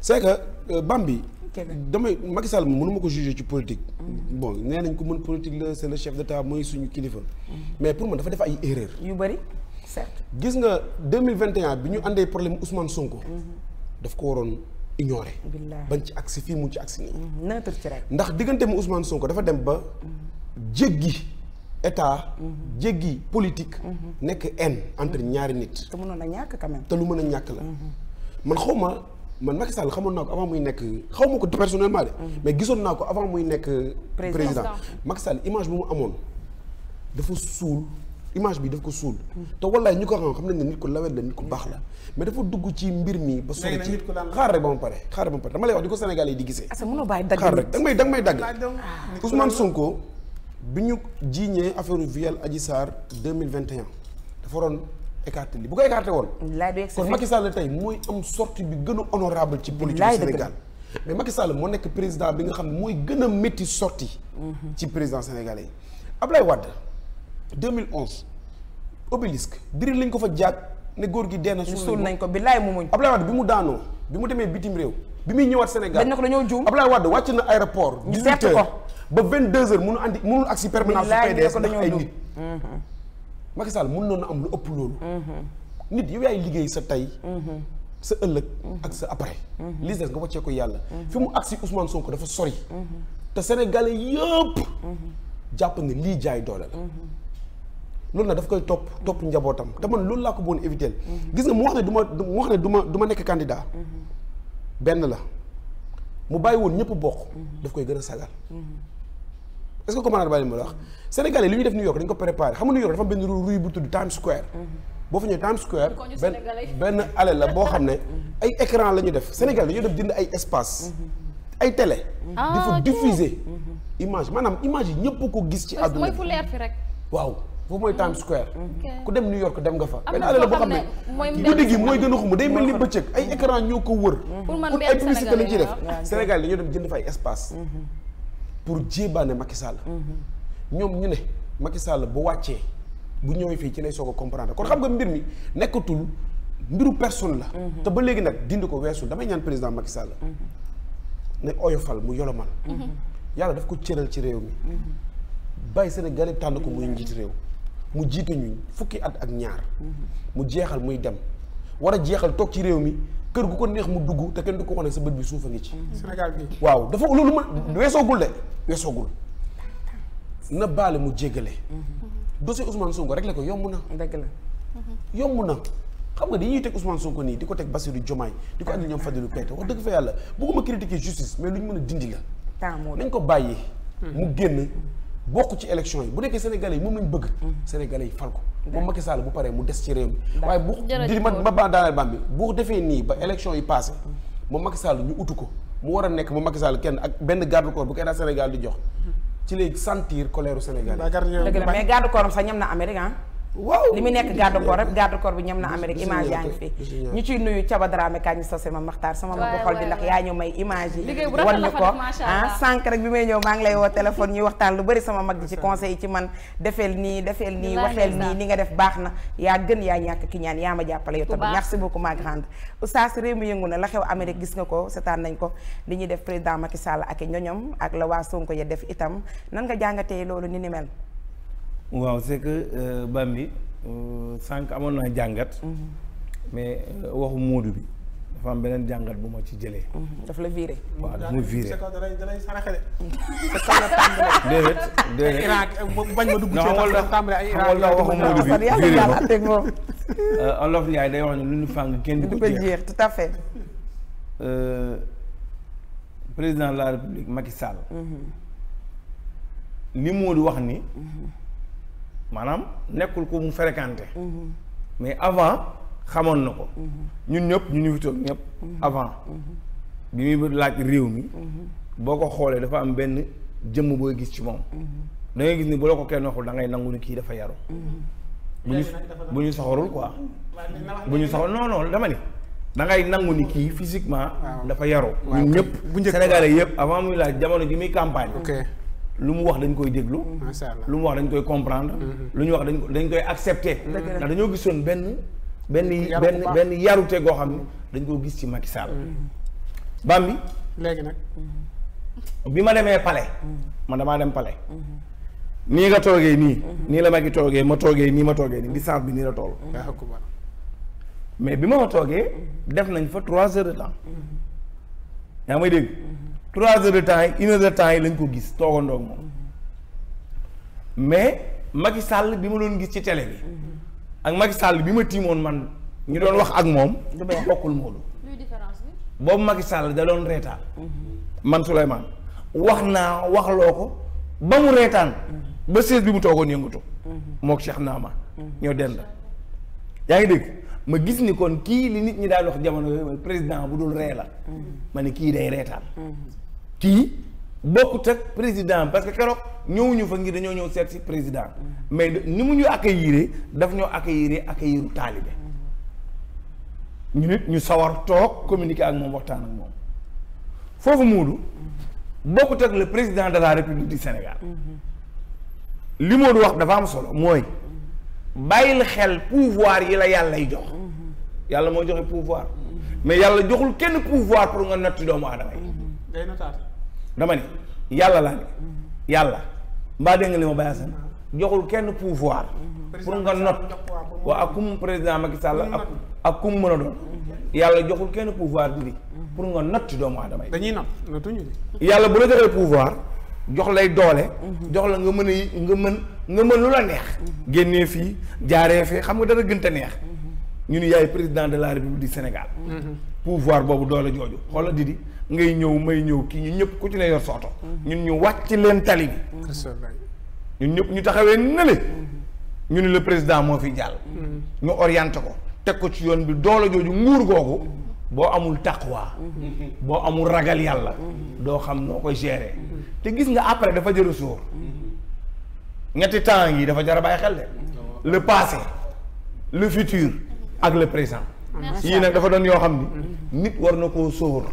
c'est que euh, Bambi damay Macky Sall mënu ma ko juger ci politique. bon nee nañ ko mën politique la c'est le chef d'état mooy suñu kilifa. mais pour man dafa def ay erreur yu gis nga deux mille vingt bi ñu àndee problème Ousmane Sonko. Mhm. daf ko waroon ignorer. bañ ci agsi fii mu ci agsi nii. Mhm. neutre ci rek. ndax diggante mu Ousmane Sonko dafa dem ba. Mhm. jéggi état. jéggi politique. nekk haine entre ñaari nit. te mënoon a ñàkk te lu mën a ñàkk la. man xaw ma man Macky Sall xamoon naa ko avant muy nekk xaw ma ko personnellement de. Mm-hmm. mais gisoon naa ko avant muy nekk. président président Macky Sall image bu mu amoon dafa suul image bi daf ko suul. te wallaay ñu ko xam xam nañ ne nit ko lawet la nit ko baax la mais dafa dugg ci mbir mi ba. sori ci xaar rek ba ma pare xaar rek ba ma pare dama lay wax di ko Sénégal yi di gisee. parce que mënoo bàyyi dagg xaar rek danga may danga may dagg. Ah. Ousmane Sonko bi ñu jiiñee affaire viol Adji Sarr dafa waroon écarté li bu ko écarté woon. kon Macky Sall tey mooy am sortie bi gën a honorable ci politique Sénégal mais Macky Sall moo nekk président bi nga xam ne mooy gën a métti sorti mhm. ci président sénégalais yi Ablaye Wade 2011 obélisque diri lañ ko fa jaag ne góor gi dee na suul nañ ko billaay mu muñ Ablaye Wade bi mu daanoo bi mu demee bitim réew bi muy ñëwaat Sénégal dañ ne ko dañoo juum Ablaye Wade wàcc na aéroport 18 heures ba 22 heures mënu andi mënul su PDS ndax ay nit mhm. Macky Sall mën noonu am lu ëpp loolu. Mhm. nit yow yaay liggéey sa tey. Mhm. sa ëllëg mhm. ak sa après. li nga wàccee ko yàlla. fi mu agsi Ousmane Sonko dafa sori. te sénégalais yëpp. jàpp ne lii jaay doole la. loolu nag daf koy topp topp njabootam te man loolu laa ko bëggoon éviter. gis nga mu wax ne du ma mu wax ne du ma du ma nekk candidat. benn la mu bàyyi woon ñëpp bokk. daf koy gën a sagal. est-ce bàyyi ma la Sénégalais li ñuy def New York dañu ko préparé xam nga New York dafa am benn rue bu tudd Times Square. Mhm. boo fa ñëwee Times Square benn benn la boo xam ne mhm. ay écran la ñu def Sénégal dañoo def ay espace mhm. ay télé. Ah, di fa diffuser image maanaam image yi ñëpp ko gis ci àdduna mooy fu rek waaw foofu mooy Times Square ku dem New York dem nga fa benn allée boo xam ne guddi gi mooy gën a xumb day mel ni ko wër pour ay publicité lañ ciy def Sénégal dañoo dem jënd fa ay espace pour jéebaane Macky Sall ñoom ñu ne Macky Sall bu wàccee bu ñëwee fii ci lay soog a comprendre kon xam nga mbir mi nekkatul mbiru personne la. Mhm. te ba léegi nag dindi ko weesul damay ñaan président Macky Sall. Mhm. ne oyofal mu yolomal. Mhm. yàlla daf ko cëral ci réew mi. bàyyi Sénégal tànn ko muy njiit réew. mu jiite fukki at ak ñaar. jeexal muy dem. war a toog ci réew mi kër gu ko neex mu dugg te kenn du ko xone sa bët bi suuf a ngi ci. Sénégal bi waaw dafa loolu ma weesoogul de weesoogul. na baale mu jéggale dossier Ousmane Sonko rek la ko yomb na. dëgg la. yomb na xam nga ñuy teg Ousmane Sonko nii di ko teg Bassirou Diomaye di ko andi ñoom Fadilou Keita wax dëgg fa yàlla bëgguma critiquer justice mais lu ñu mën a dindi la. nañ ko bàyyi. Hmm. génn bokk ci élection yi bu nekkee sénégalais yi moom lañ bëgg. Hmm. sénégalais yi fal ko. moom Macky Sall bu paree mu des ci réew mi. waaye bu di ma ma ba daaneel baam bi bu defee nii ba élection yi passé hmm. moom Macky Sall ñu utu ko mu war a nekk moom Macky Sall kenn ak benn garde corps bu ko état Sénégal di jox. ci lay sentir colère sénégalais. dëgg la mais garde sax ñam na Amérique ah. waaw li mu nekk garde corps rek garde corps bi ñam na Amérique image yaa ngi fi ñu ciy nuyu Caba Dramé kañ sose ma maxtaar sama ma ko xol bi ndax yaa ñu may image yi wan ñu ko ah sànq rek bi may ñëw maa ngi lay woo téléphone ñuy waxtaan lu bëri sama mag ji ci conseil yi ci man defeel nii defeel nii waxeel nii ni nga def baax na yaa gën yaa ñàkk ki ñaan yaa ma jàppale yow tamit merci beaucoup ma grande oustaz réew mi yëngu na la xew Amérique gis nga ko seetaan nañ ko li ñuy def président Macky Sall ak ñoñom ak la waa Sonko def itam nan nga jàngatee loolu ni ni mel waaw c'est que euh, Bambi euh, sànq amoon naa jàngat. Mm -hmm. mais euh, waxu Moodu bi dafa am beneen jàngat bu ma ci jëlee. Mhm. daf la viré. waaw daf ma viré. c'est que dalay saraxe de. [laughs] déedéet déedéet. dugg ci dafa tàmbale ay Irak la waxu Moodu bi viré ma euh, olof day wax ne lu ñu fàng kenn du ko jeex tout à fait. Euh, président de la république Macky Sall. Mhm. li Moodu wax ni. Mhm. maanaam nekkul ko mu fréquenté. Mhm. mais avant xamoon na ko. Mhm. ñun ñëpp ñu ñu fi toog ñëpp. Mhm. avant bi muy laaj réew mi. boo ko xoolee dafa am benn jëmm booy gis ci moom. da gis ni bu ko kenn waxul da ngay nangu ni kii dafa yaru. bu ñu bu ñu soxorul quoi. bu ñu soxor non non dama ni. da ngay nangu ni kii physiquement. dafa yaru. ñun ñëpp Sénégalais yëpp avant muy laaj jamono ji muy campagne. lu mu wax dañ koy déglu. macha allah lu mu wax dañ koy comprendre. Mm-hmm. lu ñu wax dañ koy dañ koy accepter. ndax dañoo gisoon benn. benn benn benn yarute goo xam ne dañ koo gis ci Macky Sall. Mm-hmm. Bambi. léegi nag. Mm-hmm. bi ma demee pale man damaa dem Palais. nii nga toogee nii. nii la Macky toogee ma toogee nii ma toogee nii distance bi nii la toll. mais bi ma ma toogee. def nañ fa trois heures de temps. yaa may dégg. trois heures de temps yi une de temps yi lañ ko gis toogandoo moom mais Macky Sall bi ma doon gis ci télé bi ak Macky sàll bi ma tiimoon man ñi doon wax ak moom bokkul Modou boobu Macky Sall da doon reetaan man Souleymane wax naa waxloo ko ba mu reetaan ba siis bi mu toogoon yëngutu mook Cheikh Naama ñëw dend yaa ngi dégg ma gis ni kon kii li nit ñi daal wax jamono yooyu président bu dul ree la ma ne kii day reetaan kii bokkut ak président parce que keroog ñëwuñu fa ngir dañoo ñëw seet si président mais ni mu ñu accueillir daf ak accueillir accueilliru taalibe ñu nit ñu sawar toog communiqué ak moom waxtaan ak moom foofu muudu bokkut ak le président de la république du Sénégal li Modou wax dafa am solo mooy bàyyil xel pouvoir yi la yàlla lay jox yàlla moo joxe pouvoir mais yàlla joxul kenn pouvoir pour nga natti doomu aadama yi mm-hmm. dama ni yàlla laa ni yàlla mbaa dégg nga li ma Baye joxul kenn pouvoir pour nga not waa ak kum président Macky Sall ak ak kum mën a doon yàlla joxul kenn pouvoir bi pour nga not ci doomu aadama yi dañuy not notuñu yàlla bu la joxee pouvoir jox lay doole jox la nga mën a nga mën nga mën lu la neex génnee fii jaaree fee xam nga dara gënta neex ñu ni yaay président de la république du Sénégal mm-hmm. pouvoir boobu doole jooju xoola di ngay ñëw may ñëw kii ñu ñëpp ku ci ne yor sa oto ñun ñu wàcc leen tali bi ñun ñëpp ñu taxawee nële ñu ne le président moo fi jàll ñu orienté ko teg ko ci yoon bi doole jooju nguur googu boo amul taqwa boo amul ragal yàlla doo xam noo koy gérer te gis nga après dafa jël suur ñetti temps yi dafa jar a bàyyi xel de le passé le futur ak le président yii nag dafa doon yoo xam ni nit war na koo sóor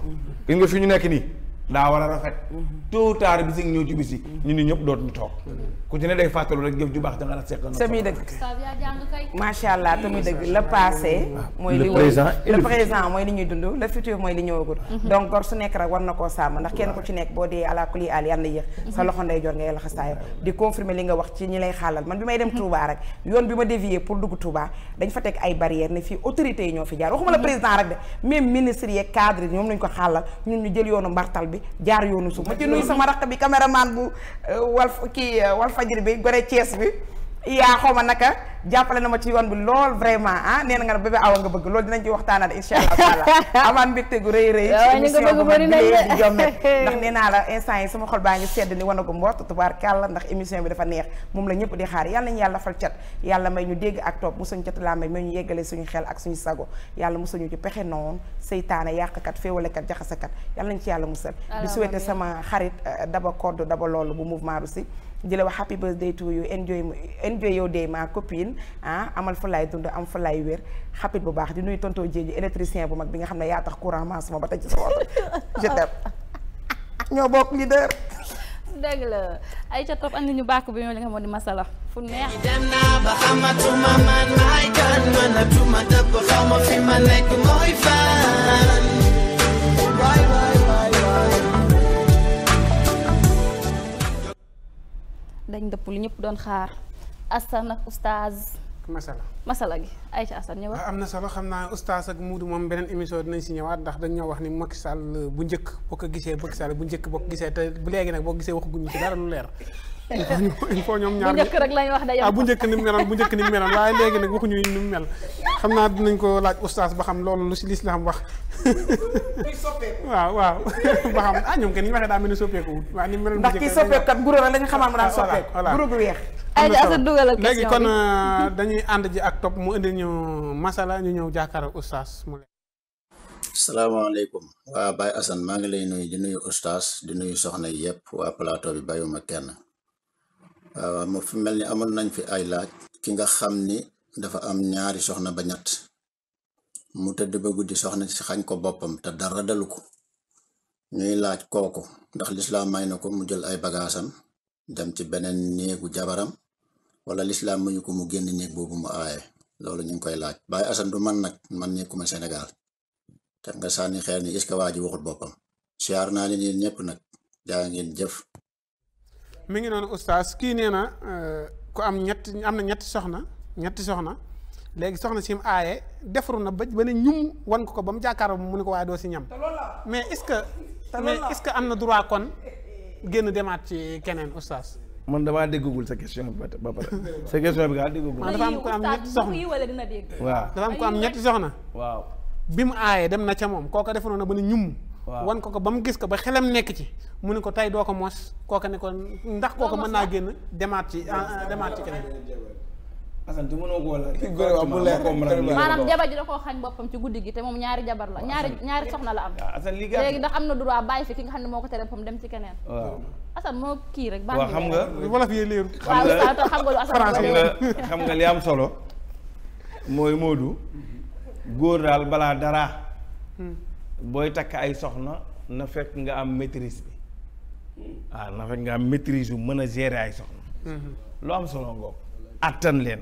gis nga fi ñu nekk nii daa war a rafet mhm. tôt bi si ñëw ci bisi mhm. ñu ni ñëpp dootuñu toog mhm. ku ci ne day fàttalu rek jëf ju baax da nga a seqal sa muy dëgg macha allah te ah, mooy li le présent dund le futur mooy li ñëwagul donc gor war na koo sàmm ndax kenn ku ci nekk boo dee àla kuli al yàlla yéex sa loxo ndey jor li nga wax ci lay xaalal man bi may dem Touba rek yoon bi ma dugg Touba dañ fa teg ay barrières ne fii autorités yi ñoo fi jaar waxuma président rek de ministre yeeg cadre yi ñoom lañ ko xaalal ñun ñu jël yoonu mbartal bi jaar yoonu suma ma ci sama raq bi caméraman bu euh, Walf kii euh, Walfadjri bi gore Thiès bi yaa ma naka jàppale na ma ci yoon bi lool vraiment ah nee na nga bébé a nga bëgg loolu dinañ ci waxtaana incha allah taala [laughs] amaat mbégte gu rëy rëy ci ma bilee [laughs] la instant yi sama xol baa ngi sedd ni wanagu mbott tubaarkàlla ndax émission bi dafa neex moom la ñëpp di xaar yàlla nañu yàlla fal cat yàlla may ñu dégg ak topp musuñu cat laa may may ñu yeggale suñu xel ak suñu sago yàlla musuñu ci pexe noonu seytaane yàqkat féewalekat jaxasakat yàlla nañ ci yàlla musal di souhaité sama xarit euh, daba corde daba loolu bu mouvement russi di la wax happy birthday to you enjoy enjoy your day ma copine ah, amal fa laay dund am fa laay wér happy bu baax di nuy tontoo jéeju électricien bu mag bi nga xam ne yaa tax courant ma sama ba tey ci sama oto je t'aime ñoo bokk leader dëgg la ay ca topp dem naa ba xamatuma man maay kan mënatuma dëpp xawma fi ma nekk mooy fan dañ dëpp lu ñëpp doon xaar Assane ak oustaz. masala masala gi ay ci Assane ñëwaat. Ah, am na solo xam naa oustaz ak Moodu moom beneen émission dinañ si ñëwaat ndax dañ ñoo wax ni Macky Sall bu njëkk boo ko gisee Macky Sall bu njëkk boo ko gisee te bu léegi nag boo ko gisee waxaguñu ci dara lu leer. il faut ñoom bu njëkk rek lañ wax ah, ni mu meloon bu njëkk ni mu meloon waaye léegi nag waxuñu ni mu xam naa dinañ ko si lislaam wax waaw waaw ba xam ah ñoom daa mel ni soppeeku waaw ni mu meloon ndax kii soppeeku kat guro léegi kon euh, dañuy ànd ji ak topp mu indi ñu masala ñu ñëw jàkkaar ak oustaz mu salaamaaleykum waa Baye Assane maa ngi lay nuyu di nuyu oustaz di nuyu soxna yëpp waa plateau bi bàyyiwuma kenn waaw mu fi mel ni amoon nañ fi ay laaj ki nga xam ni dafa am ñaari soxna ba ñett mu tëdd ba guddi soxna si xañ ko boppam te dara dalu ko ñuy laaj kooku ndax lislaam may na ko mu jël ay bagaasam dem ci beneen néegu jabaram wala lislaam mayu ko mu génn néeg boobu mu aaye loolu ñu ngi koy laaj Baye Assane du man nag man nekkuma senegal te nga sànni xeer ni est-ce que waa ji waxut boppam siyaar naa leen yéen ñëpp nag jaa ngeen jëf mi ngi noonu oustaz kii nee na ku am ñett am na ñetti soxna ñetti soxna léegi soxna si mu aaye defaru na ba ba ne ñum wan ko ko ba mu jàkkaaroo mu ne ko waaye doo si ñam est que mais est que am na droit kon génn demaat ci keneen oustaz man damaa déggagul sa question bi [laughs] sa question bi nga déggagul man dafa am ko am ñetti soxna wala dina ko am ñetti soxna waaw bi mu aaye dem na ca moom kooka defaroon na ba ne ñum wan ko ko ba mu gis ko ba xelam nekk ci mu ne ko tey doo ko mos kooka ne ko ndax kooka mën naa génn demaat ci ah, ah, demaat ci keneen asan te mënoo koo laal jabar ji da koo xañ boppam ci guddi gi te moom ñaari jabar la ñaari ñaari soxna la am asan ah, li léegi ndax am na droit bàyyi fi ki nga xam ne moo ko tere dem ci keneen waaw asan moo kii rek baax xam nga wolof yi léeru xam nga xam nga xam nga li am solo mooy Modou hmm. góor daal balaa dara hmm. booy takk ay soxna na fekk nga am maîtrise bi waaw ah, na fekk nga am maîtrise bu mën a gérer ay soxna mm-hmm. lu am solo ngoog attan leen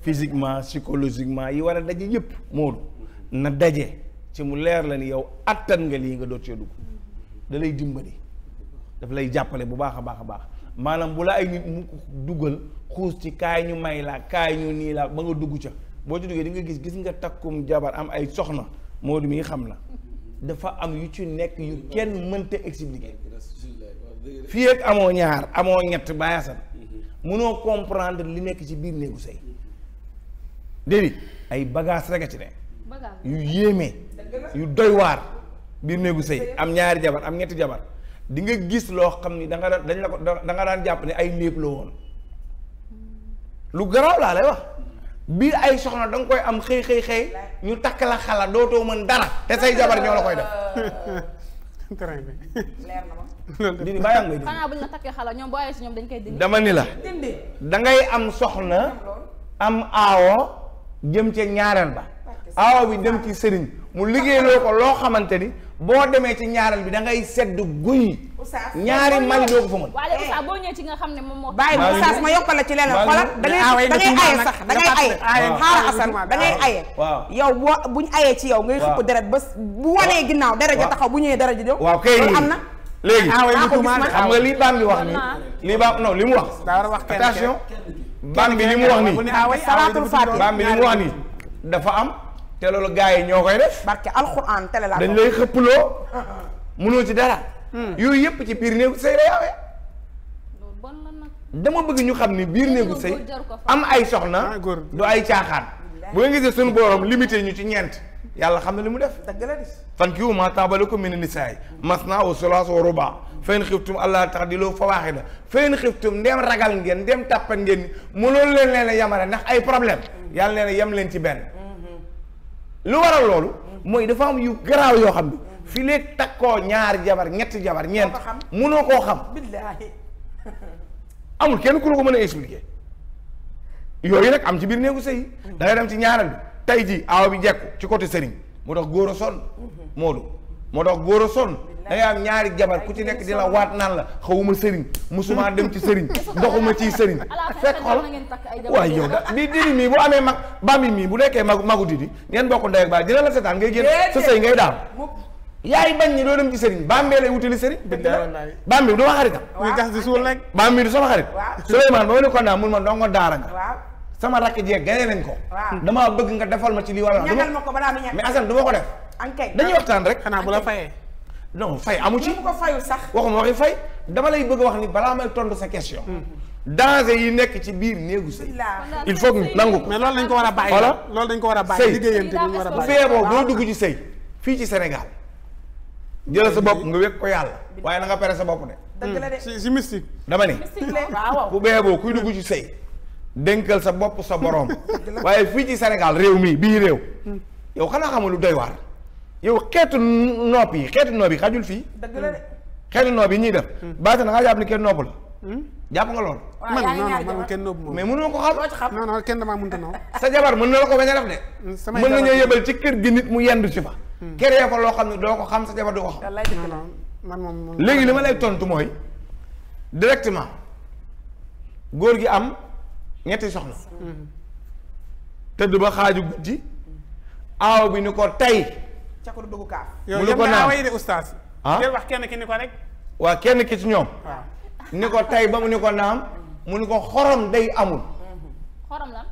physiquement psychologiquement yi war a daje moo moodu na daje ci mu leer la ni yow attan nga lii nga doot cee dugg da lay dimbali daf lay jàppale bu baax a baax a baax maanaam bu la ay nit mu dugal xuus ci kaay ñu may laa kaay ñu nii laa ba nga dugg ca boo ci duggee di nga gis gis nga takkum jabar am ay soxna moodu mi xam la dafa am yu ci nekk yu kenn mënta expliquer fii amoo ñaar amoo ñett bàyyasan mhm. mënoo comprendre li nekk ci biir néegu sëy mhm. déedéet ay bagage rek a ci ne yu yéeme yu doy waar biir néegu sëy am ñaari jabar am ñetti jabar di nga gis loo xam ni da nga daan dañ la ko da daan jàpp ne ay lépp la woon mhm. lu garaaw laa lay wax biir ay soxna da koy am xëy xëy xëy ñu takk la xala dootoo mën dara te say jabar ñoo la koy def. [laughs] très bien. leer na ñoom ñoom dañ koy dindi. dama ni la. dindi da ngay am soxna. am aawo jëm ca ñaareel ba. aawa bi dem ci sëriñ mu liggéeyloo ko loo xamante ni boo demee ci ñaaral bi da ngay sedd guy. ñaari mali doo ko fa mën. waaye eh. oustaz boo ñëwee nga xam ne moom moo. bàyyi ma oustaz ma la ci leneen xoolal a ngay da ngay aye sax da ngay aye. xaaral asan da ngay aye. yow boo buñ ayee ci yow. ngay xëpp deret ba bu wanee ginnaaw daraja taxaw bu ñëwee daraja jóg. waa kay am na. léegi xam nga lii baam bi wax nii. lii baam non li mu wax. attention baam bi li mu wax nii. baam bi li mu wax nii dafa am te loolu gars yi ñoo koy def. barke alxuraan télé la dañ lay xëpploo. [laughs] mënoo ci dara. Hmm. yooyu yëpp ci biir néegu sëy la yaawee. dama bëgg ñu xam ni biir néegu sëy am ay soxna. du ay caaxaan. bu nga gisee suñu borom limité ñu ci ñeent. yàlla xam na li mu def. dëgg la dis. fankihu maa taaba lakum mina nisaay. masnaa wa sulaasa wa rubaa. fa in xiftum allaa taxdilu fa waaxida. fa in xiftum ndem ragal ngeen ndem tàppat ngeen ni mënoon leen leen a yamale ndax ay problème hmm. yàlla nee yam leen ci benn lu waral loolu. mooy dafa am yu garaaw yoo xam ni. fi léegi takkoo ñaari jabar ñetti jabar ñeent. mënoo koo xam. billaahi amul kenn ku ko mën a expliquer. yooyu nag am ci biir néegu sëy. da ngay dem ci ñaareel bi tey jii aw bi jekku ci côté sëriñ moo tax góor a sonn. Mhm. Moodu moo tax góor a sonn. da ngay am ñaari jabar ku ci nekk di la waat naan la xawuma sëriñ musuma dem ci sëriñ ndoxuma ciy sëriñ fekk xol waaye yow da di didi mii bu amee mag bambi mii bu nekkee magu magu didi ngeen bokk ndey ak baay dina la seetaan ngay génn sa daal yaay bañ ñi doo dem ci sëriñ bambee lay wutali sëriñ bambi du xaritam ah. bambi du sama xarit Souleymane ba ma ne ko naa mun ma ndongo daara nga sama rakk jeeg ganee nañ ko damaa bëgg nga defal ma ci lii wala mais Assane du ma ko def dañuy waxtaan rek xanaa bu la fayee non fay amu ci. ko fayu sax. waxuma waxi fay dama lay bëgg wax ni balaa may tontu sa question. Mm. danger yi nekk ci biir néegu sëy il faut nangu ko. mais loolu dañ ko war a bàyyi. voilà loolu dañ ko war a bàyyi liggéeyante bi ñu war a bàyyi. feeboo boo dugg ci sëy fii ci Sénégal jëlal sa bopp nga wékk ko yàlla waaye na nga pere sa bopp de. dëgg la de si si dama ne bu beeboo kuy dugg ci sëy dénkal sa bopp sa borom. [laughs] waaye fii ci senegal réew mii bii réew. Mm. yow xanaa xamul lu doy waar. yow xeetu nopp yi xeetu nopp yi xajul fii. dëgg la de nopp yi ñuy def. Hmm. baax na nga jàpp ni kenn nopp la. Hmm? jàpp nga loolu. man non non mais mënoo ko xam. a noo. sa jabar mën na la ko bañ a def de. Hmm, samay mën nañoo yebal ci kër gi nit mu yendu ci fa. kéré ko loo xam ne doo ko xam sa jabar du ko xam. man moom léegi li ma lay tontu mooy directement góor gi am ñetti soxna. tëdd ba xaaju guddi aaw bi ni ko tey. ca ko dugg kaaf. mu lu ko naan ah waa kenn ki ci ñoom. ni ko tey ba mu ni ko naam. mu ni ko xorom day amul. xorom lan.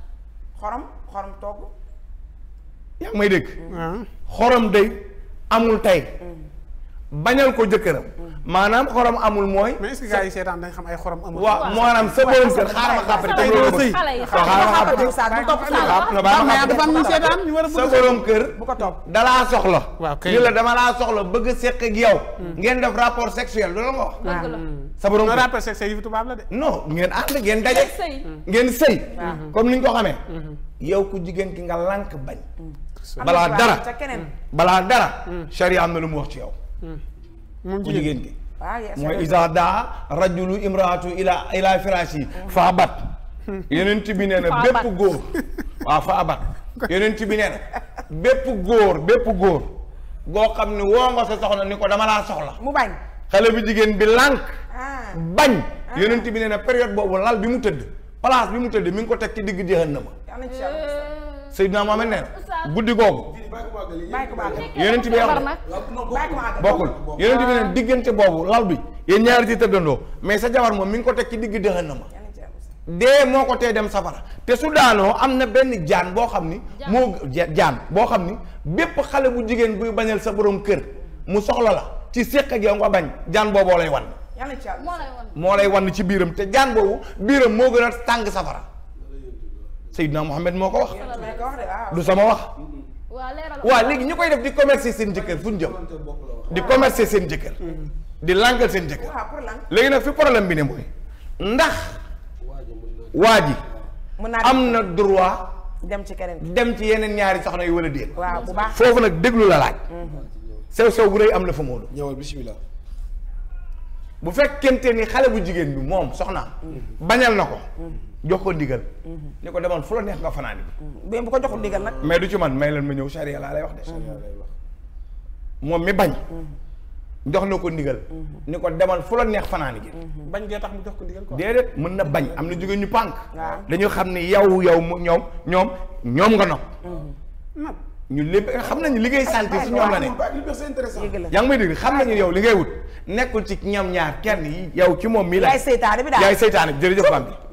xorom xorom togg. yaa may dégg. Mm-hmm. xorom day amul tey. bañal ko jëkkëram maanaam xorom amul mooy. mais est yi seetaan dañ xam ay xorom amul. waaw maanaam sa borom kër xaaral ma xàppale te loolu bëgg. xaaral ma xàppale sa kër. bu ko topp dalaa soxla. waaw kay la dama laa soxla bëgg a seq yow. Hmm. ngeen def rapport sexuel loolu nga wax. Hmm. sa borom kër rapport sexuel yi fi tubaab la de. ngeen ànd ngeen daje. ngeen sëy. Hmm. comme ni ñu ko xamee. yow ku jigéen ki nga lànk bañ. balaa dara balaa dara. charia am na lu mu wax ci yow Hmm. moom jigéen gi ah, mooy isa daa rajulu imraatu ila ila firaasi fa abat yonent bi nee na bépp góor waaw fa abat bi nee bépp góor bépp góor goo xam ne woo nga sa soxna ni ko dama laa soxla mu bañ xale bu jigéen bi lànk ah. bañ ah. yonent bi nee na boobu lal bi mu tëdd place bi mu tëdd mi ngi ko teg ci digg jëhannama Seydina Mohamed nee na guddi googu yonent bi am bokkul yonent bi neen diggante boobu law bi yéen ñaari ci tëddandoo mais sa jabar moom mi ngi ko teg ci digg dëxën na ma dee moo ko tee dem safara te su daanoo am na benn jaan boo xam ni moo jaan boo xam ni bépp xale bu jigéen buy bañal sa borom kër mu soxla la ci séq ak yow nga bañ jaan booboo lay wan moo lay wan ci biiram te jaan boobu biiram moo gën a tàng safara Seydina Mohamed moo ko wax du sama wax waa léegi ñu koy def di commercer seen jëkkër fu ñu jëm di commercer seen jëkkër di lànkal seen jëkkër léegi nag fi problème bi ne mooy ndax waa ji am na droit dem ci keneen dem ci yeneen ñaari soxna yi wala déet waaw bu baax foofu nag déglu la laaj mhm. sew sew bu rëy am la fa mu ñëwal bismillah bu fekkente ni xale bu jigéen bi moom soxna mhm. bañal na ko mhm. jox ko ndigal. Mhm. ni ko demoon fu la neex nga fanaan bi mhm. bu ko joxul ndigal nag. mais du ci man may leen ma ñëw sariya laa lay wax de. Mhm. moom mi bañ. jox na ko ndigal. ni ko demal fu la neex fanaani gi bañ gee tax mu jox ko ndigal quoi. déedéet mën na bañ am na jóge ñu pànk. dañu xam ne yow yow ñoom ñoom ñoom nga nopp. ñu lépp xam nañu li ngay ah, sentir ah, si ñoom la ah, ne. yaa ngi may dégg xam nañu yow li ngay wut nekkul ci ñam ñaar kenn yi yow ci moom mii la. yaay seytaane bi daal yaay seytaane bi jërëjëf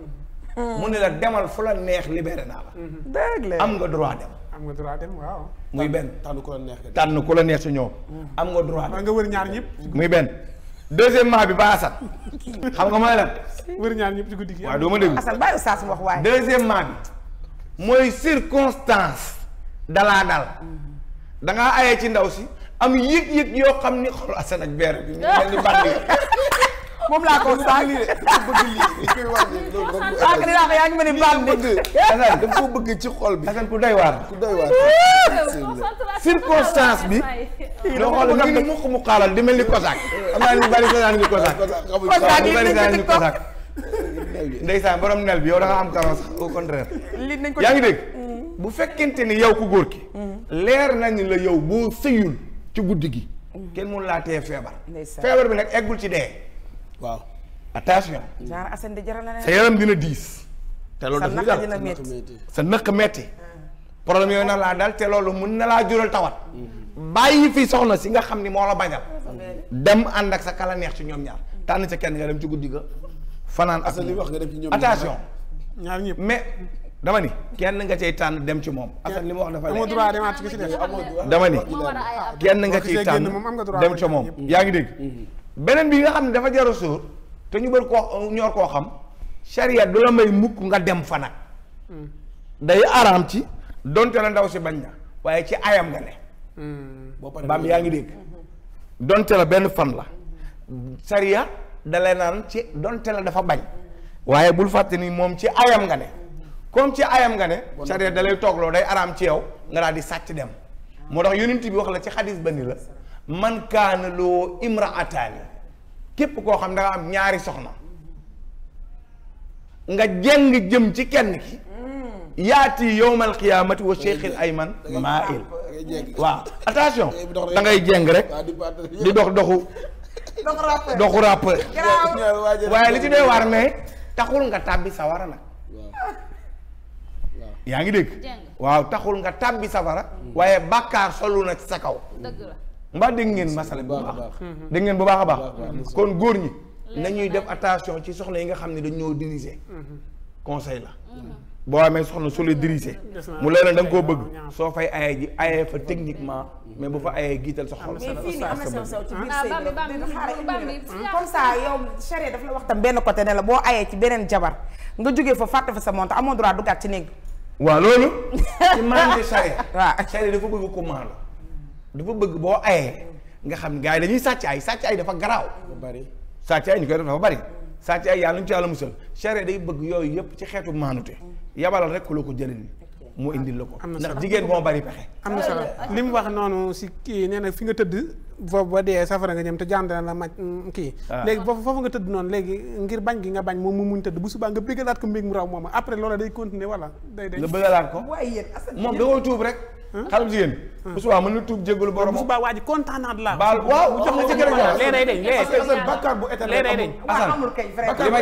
Ah. mu ne la demal fu la neex libéré naa mm-hmm. la. am nga droit dem. am nga droit dem waaw. muy benn tànn ku la neex tànn ku la neex si ñoom. Mm-hmm. am nga droit dem nga wër ñaar ñëpp. muy benn deuxièmement bi ba Assane xam nga mooy lan. wër ñaar ñëpp ci guddi gi. waaw doo ma déglu Assane bàyyi Oustaz wax waaye. deuxièmement bi mooy circonstance dalaa dal mm-hmm. da ngaa ci ndaw si am yëg-yëg yoo xam ni xol Assane ak beer bi ñu mel ni bànn [laughs] moom laa ko sànq bëgg lii koy wàññi loolu rek bu yaa ngi mel ni bànn da koo bëgg ci xol bi asan ku doy waar ku doy waar circonstance bi loo xool ngi ni mukk mu xaalal di mel ni kosaak am naa ni bari seetaan ngi kosaak kosaak yi bari seetaan nel bi yow da am carence au contraire li nañ ko yaa ngi dégg bu fekkente ni yow ku góor ki leer nañu la yow boo sëyul ci guddi gi kenn mënu laa tee feebar feebar bi nag eggul ci dee waaw attention. genre Assane di jaral na sa yaram dina diis. te loolu daf sa naq metti sa naq metti hmm. problème yooyu na laa dal te loolu mën na laa jural tawat. Hmm. bàyyi fi soxna si nga xam ni moo la bañal. dem ànd ak sa kala neex ci ñoom ñaar. tànn ca kenn nga dem ci guddi ga. fanaan ak li wax nga ñëpp mais dama ni kenn nga cay tànn dem ci moom. dama ni kenn nga ciy tànn dem ci moom yaa ngi dégg. Hmm. beneen bi nga xam ne dafa jar a sóor te ñu bari koo ñoor koo xam charia du la may mukk nga dem fa nag hmm. day araam ci donte la ndaw si bañ na waaye ci ayam nga ne hmm. baam yaa ngi dégg donte benn fan la charia dalay naan ci donte la dafa bañ waaye bul fàtte ni moom ci ayam nga ne comme ci ayam nga ne charia dalay toogloo day araam ci yow nga daal di sàcc dem ah. moo tax yonent bi wax la ci xadis ba ni la man kaana loo imraataani képp koo xam da nga am ñaari soxna nga jeng jëm ci kenn ki hmm. yaati yowmal qiyaamati wa cheikhil ayman maa'il jeng eh, rek di dox doxu doxu ràpp waaye li ci dee waar ne taxul nga tàbbi sawara nag yaa ngi dégg waaw taxul nga tàbbi sawara hmm. waaye bàkkaar solu na ci sa kaw mbaa dégg ngeen masala bu baax mm-hmm. dégg bu baax a baax kon góor ñi nañuy def attention ci soxla yi nga xam ne dañoo diriger mm-hmm. conseil la mm-hmm. boo amee soxna su la diriger mu leer na da koo bëgg soo fay aye ji aye fa techniquement mais bu fa ayee giital sa xol comme ça yow charia dafa la wax tam benn côté ne la boo ayee ci beneen jabar nga jógee fa fàtte fa sa monta amoo droit duggaat ci néeg waa loolu [laughs] ci maande charia waaw charia dafa bëgg ko la dafa bëgg boo ayee nga xam gars yi dañuy sàcc ay sàcc ay dafa garaaw sàcc ay ñu koy def dafa bari sàcc yàlla ñu ci yàlla musal day bëgg yooyu yëpp ci xeetu maanute yabalal rek ku la ko jëlin mu ah, indil la ko ndax jigéen moo bari pexe am na solo li mu wax noonu si kii nee na fi nga tëdd foofu ba dee safara nga ñëm te jàndana la maj mm, kii ah. léegi foofu foofu nga tëdd noonu léegi ngir bañ gi nga bañ moom mu muñ tëdd bu subaa nga bëggalaat ko mbég mu raw moom après loola day continuer wala day day nga bëggalaat ko moom da koy tuub rek xale bu jigéen bu subaa mën na tuub jégalu borom bu subaa waa ji kontaan naa baal waaw jox na jëkkër ak lee day deñ lee bakkaar bu éternel day deñ amul kay li ma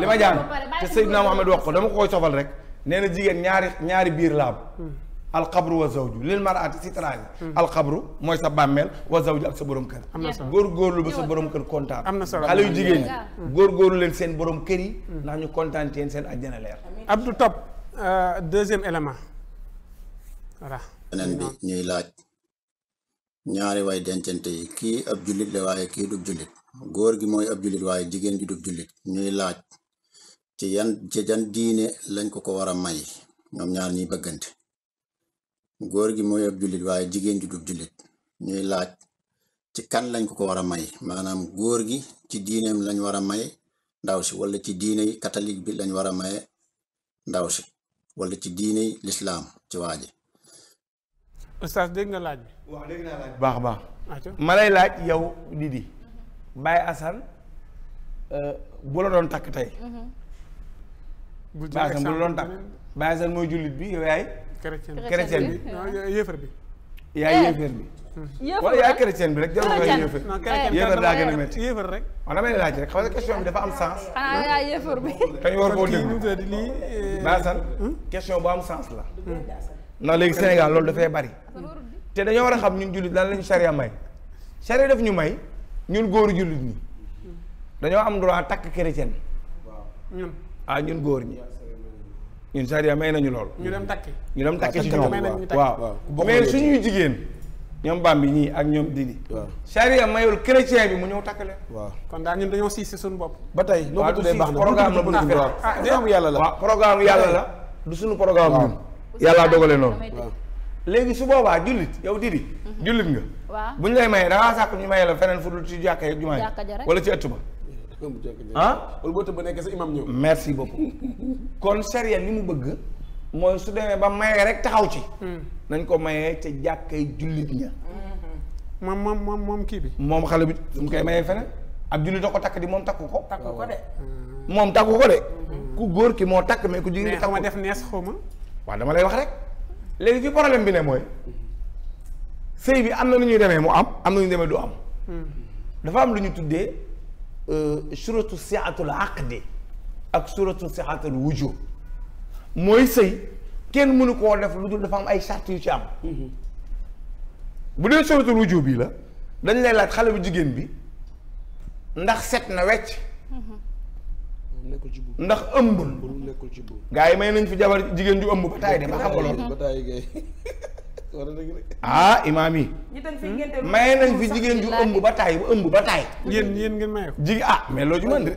li ma jàng te Seydina Mohamed wax ko dama ko koy rek nee na jigéen ñaari ñaari biir laab hmm. alxabru wa zawju lil mar'ati sitraani hmm. alxabru mooy sa bàmmeel wa zawju ak sa boroom kër góorgóorlu ba sa boroom kër kontaan am na solo xale yu jigéen ñi hmm. góorgóorlu leen seen borom kër yi ndax ñu kontaan teen seen àjjana leer Abdou Top euh, deuxième élément beneen bi ñuy laaj ñaari way dencante yi kii ab jullit waaye kii dub jullit góor gi mooy ab julit waaye jigéen ji dub jullit ñuy laaj ci yan ci jan diine lañ ko ko war a may ñoom ñaar ñiy bëggante góor gi mooy ab waaye jigéen ji dub jullit ñuy laaj ci kan lañ ko ko war a may maanaam góor gi ci diineem lañ war a maye ndaw si wala ci diiney catholique bi lañ war a maye ndaw si wala ci diiney lislaam ci waaje oustaz dégg na laaj bi. waaw dégg naa laaj baax baax. Ah, ma lay laaj yow Didi. Baye Assane euh, bu la doon takk tey. Mhm. bu Baye Assane bu la doon takk Baye Assane mooy jullit bi yow yaay. chrétien bi chrétien bi yéefar bi. yaay eh. yéefar bi. yéefar wala bi rek jarul nga yéefar. Eh, daa gën a métti yéefar rek. waaw damay laaj rek xam nga question bi dafa am sens. ah yaay yéefar bi. te ñu war koo déglu Baye Assane eh, hmm? question bu am sens la. Hmm. ndax léegi Sénégal loolu dafay bari te dañoo war a xam ñun jullit lan lañu charia may charia def ñu may ñun góoru jullit ñi dañoo am droit takk chrétien ñun ah ñun góor ñi ñun charia may nañu loolu. ñu dem takki ñu dem takki ci ñoom waaw mais suñuy jigéen ñoom bambi ñii ak ñoom didi. waaw charia mayul chrétien bi mu ñëw takk leen. waaw kon daal ñun dañoo siis suñu bopp. ba tey noo ko tuddee baax na programme la bu ñu ah, yàlla la. programme yàlla la du suñu programme ñun. yàllaa dogalee noonu ah. léegi su boobaa jullit yow didi mhm. jullit nga waaw bu ñu lay maye dangaa sàkk ñu maye la feneen fu dul ci jàkka yi jumaa wala ci ëtt ba ah. ah wala boo tëb ba nekk sa merci beaucoup [laughs] kon sariya li mu bëgg mooy su demee ba mayee rek taxaw ci hmm. nañ ko mayee ca jàkkay jullit ña hmm. moom moom moom kii bi moom xale bi su mu koy mayee feneen ab jullit a ko takk di moom takk ko takku ko de moom takku ko de hmm. ku góor ki moo takk mais ku jigéen ki takku def nees xaw waaw dama lay wax rek léegi fi problème bi ne mooy sëy bi am na nu ñuy demee mu am am na ñu demee du am dafa am lu ñu tuddee euh, suratu siatul aqdi ak suratu siatul wujub mooy sëy kenn mënu koo def lu dul dafa am ay charte yu ci am bu dee suratul wujub bi la dañ lay laaj xale bu jigéen bi ndax set na wecc ndax ëmbul gaa yi may nañ fi jabar jigéen ju ëmb ba taay de ba xam nga loolu ah imaam yi may nañ fi jigéen ju ëmb ba taay ba ëmb ba taay yéen yéen ngeen maye ko jig ah mais loolu ju mën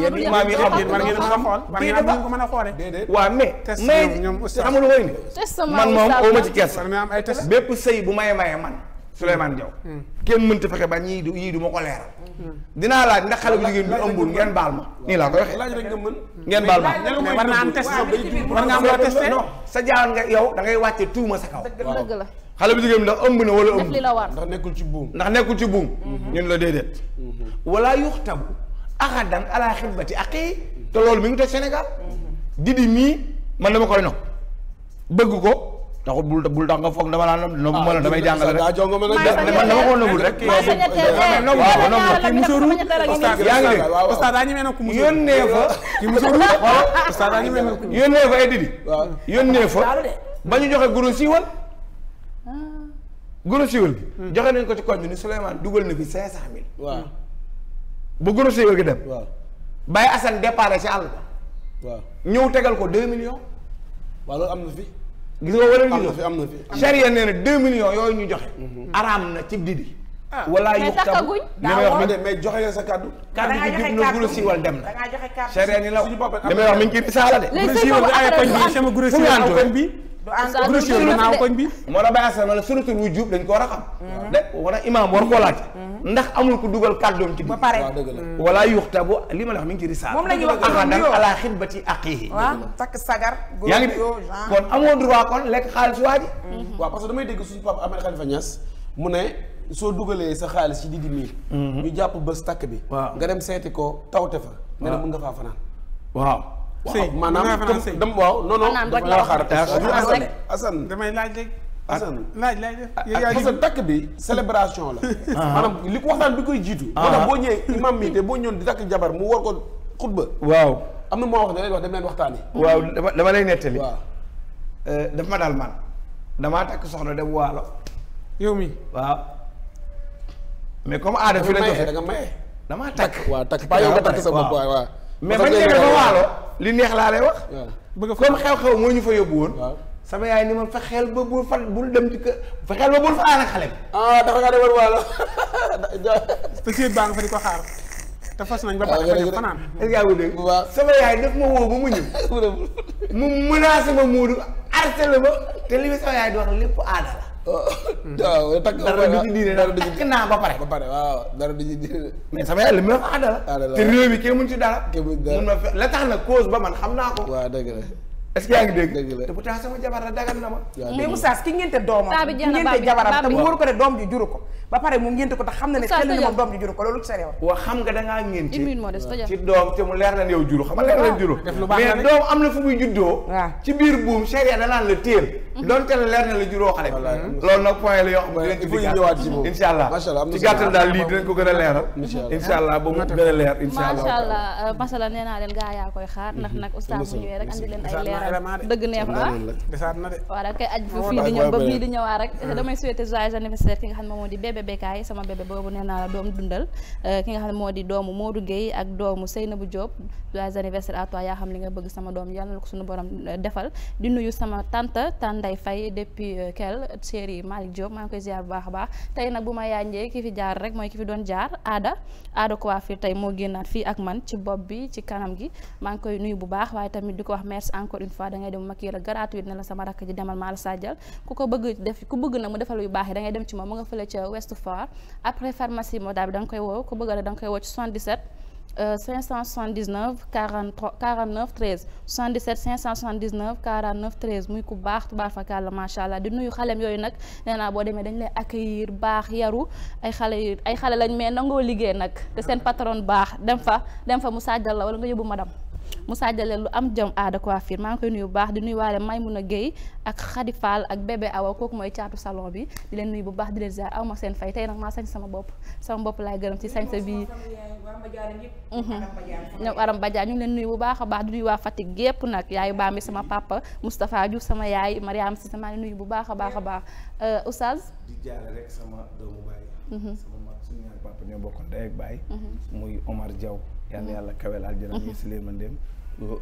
yéen imaam yi xam ngeen war ngeen a xool war ngeen ko mën a xoole waaw mais mais xamul woy ni man moom ooma ci kees bépp sëy bu may maye man hmm. Souleymane Diaw hmm. kenn mënta fexe ba ñii du yii du ma ko leeral dinaa laaj ndax xale bu jigéen bi ëmbul ngeen baal ma nii laa koy waxee. laaj rek nga mën ngeen baal ma war naa am test war nga am loo testé sa jaan nga yow da ngay wàcce tuuma sa kaw. dëgg la xale bu jigéen bi ndax ëmb na wala ëmb ndax nekkul ci buum ndax nekkul ci buum mhm. ñun la déedéet mhm. wala yuxtabu axadan ala xibbati aqi mhm. te loolu mi ngi te Sénégal di mii man dama koy nopp bëgg ko taxul bul bul tax nga foog dama naan nobu ma la damay ah, jàngale rek man dama ko nobul rek nobu ko nobu ki musóoru yaa ngi dégg oustaz daa ñemee na ku musóoru [laughs] ba ñu joxe guru siiwal ah. guru siiwal gi hmm. joxe nañ ko ci koñ bi ni Souleymane dugal na fi cinq cent mille waaw ba guru siiwal gi dem Baye Assane départ ci àll ba ñëw tegal ko deux millions gis nga wala ñu fi am na fi charia nee na deux millions yooyu ñu joxe mhm. araam na ci didi ah. wala yu tagguñ damay wax mi mais joxe nga sa kaddu kaddu gi jub na gula siiwal dem na charia ni la damay wax mi ngi ci risaala de gula siiwal ay koñ bi sama gula siiwal koñ bi grosseur la naaw koñ bi moo la bàyyi ma la suratul wu juub dañ ko war mm-hmm. de wala imaam war koo laaj mm-hmm. ndax amul ku dugal kàddoom ci bi mm. wala yuxta ma la wax ba ngi ci risaal moom la takk sagar yaa ngi kon amoo droit kon lekk xaalis waa ji mm-hmm. waaw parce que damay dégg suñu papa Ahmed Khalifa Niass mu ne soo dugalee sa xaalis ci Didi Mille ñu jàpp bés takk bi waa nga dem seeti ko tawte fa nga ne mën nga faa fanaan waaw waaw maanaam dam waaw non non dama la xaar Assane Assane damay laaj rek Assane laaj laaj parce que ah, takk bi [laughs] célébration la ah. maanaam li ko waxtaan bi koy jiitu ah. moo tax boo ñëwee imam mi te boo ñëwoon di takk jabar mu war ko xutba waaw am na moo wax da leen wax dem leen waxtaani waaw dama dama lay nettali waaw euh, daf ma daal man damaa takk soxna dem waalo yow mi waaw mais comme aada fi la joxe da nga maye damaa takk waaw takk pas yow nga takk sa bopp waaw mais bañ demee ba waalo li neex laa lay wax. comme xew-xew moo ñu fa yóbbu woon. sama yaay ni ma fexeel ba bul fa bul dem ci kër fexeel ba bul fa aar ak xale bi. ah dafa nga demoon waalo. [laughs] te kii baa nga fa di ko xaar. te fas nañ ba pare ah, dafa fanaan. est-ce que yaa ngi dégg sama yaay daf ma woo ba mu ñëw. [laughs] mu menacé ma Moodu harcelé ma te li sama yaay di wax lépp aada [laughs] waaw takk dara du naa ba pare. ba pare waaw dara du ci diine. mais sama yàlla mi ma te réew mi kenn mun ci dara. mun ma fa la tax na cause ba man xam naa ko. waaw dëgg la. est ki ngénte doomam. saabi jeex na jabaram te mu wóor ko ne doom ji juru ko. ba pare mu ngénte ko te xam na ne xel ni moom doom ji juru ko loolu ci sa réew. waaw xam nga da ngaa ngénte ci doom te mu leer na yow juru xam leer na ah. juru mais doom am na fu muy juddoo. Ah. ci biir buum sharia da la doon mhm. kenn leer na la mhm. nag point yoo xam ne a leeral euh, koy xaar ndax mhm. nag oustaz bu ñëwee rek andi leen ay leeral dëgg damay souhaiter joyeux anniversaire ki nga xam ne moo di bébé Bekaay sama bébé boobu nee naa la doom dundal euh, ki nga xam ne moo di doomu moo Gueye ak doomu Seynabou Diop joyeux anniversaire à toi yaa xam li nga bëgg sama doom yàlla na ko suñu borom euh, defal di nuyu sama tante tante Ndeye Faye depuis kel euh, série Malick Diop maa ngi koy ziar bu baax a baax tey nag bu ma yaanjee ki fi jaar rek mooy ki fi doon jaar aada aada ko waa moo génnaat fii ak man ci bopp bi ci kanam gi maa ngi koy nuyu bu baax waaye tamit di ko wax merci encore une fois da dem maquiller la sama rakk ji demal maa la ku ko bëgg def ku bëgg na mu defal yu baax yi da dem ci moom mu nga fële ca Ouest Foire après pharmacie moo daal bi koy woo ku 579 43 49 13 77 579 49 13 muy ku baax tubaar fakàlla macha allah di nuyu xalem yooyu nag nee naa boo demee dañ lay accueillir baax yaru ay xale ay xale lañ mais nangoo liggéey nag te seen patron baax dem fa dem fa mu sàjjal la wala nga yóbbu dam mu leen lu am jëm aada coiffure maa ngi koy nuyu bu baax di nuyu waale Maymuna géey ak Khady Fall ak bébé Awa kooku mooy caatu salon bi di leen nuyu bu baax di leen ziar aw ma seen fay tey nag maa sañ sama bopp sama bopp laay gërëm ci sañsa bi mhm. ñoom Aram Badiane ñu ngi leen nuyu bu baax a baax di nuyu waa Fatick gépp nag yaayu baa mi sama papa Moustapha Diouf sama yaay Mariam si sama nuyu bu baax a baax a baax euh, Oustaz sama doomu baay mhm. yàlla mm-hmm. yàlla kawel aljana ñi mm-hmm. si léema ndéem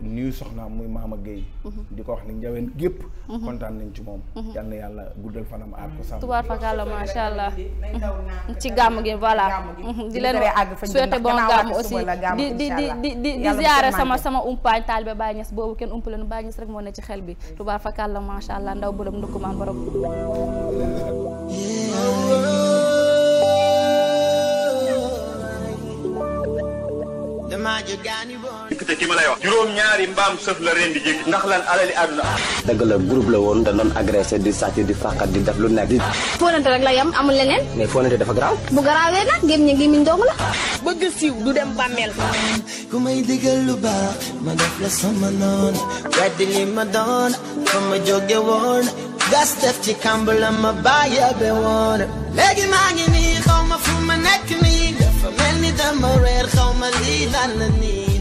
nuyu soxnaam muy Maama Gueye mm-hmm. di ko wax ni njaween gépp kontaan nañ ci moom yal na yàlla guddal fanam aar ko sàmm tubaar fakàlla macha allah ci gàmm gi voilà di leen souhaité bon gàmm aussi di di di di di di ziyaare sama sama umpaañ taalibe Baay Ñas boobu kenn ump leen Baay Ñas rek moo ne ci xel bi tubaar fakàlla macha allah ndaw bërëb ndukkumaan borom dikkite ki ma lay juróom-ñaari mbaam sëf la ren di ndax lan alali àdduna. dëgg la groupe la woon da doon agressé di sàcc di fàqat di def lu nekk. di. fóonante rek la yam amul leneen. mais fóonante dafa garaaw. bu garaawee nag ngeen ñu ngi miñ dong la. bëgg siiw du dem bàmmeel. ku may digal lu baax ma def la sama noon weddi li ma doon fa ma jóge woon gas def ci kàmb la ma bàyyi be léegi maa ngi nii xaw fu ma nekk nii dafa mel ni dama reer xaw lii la I need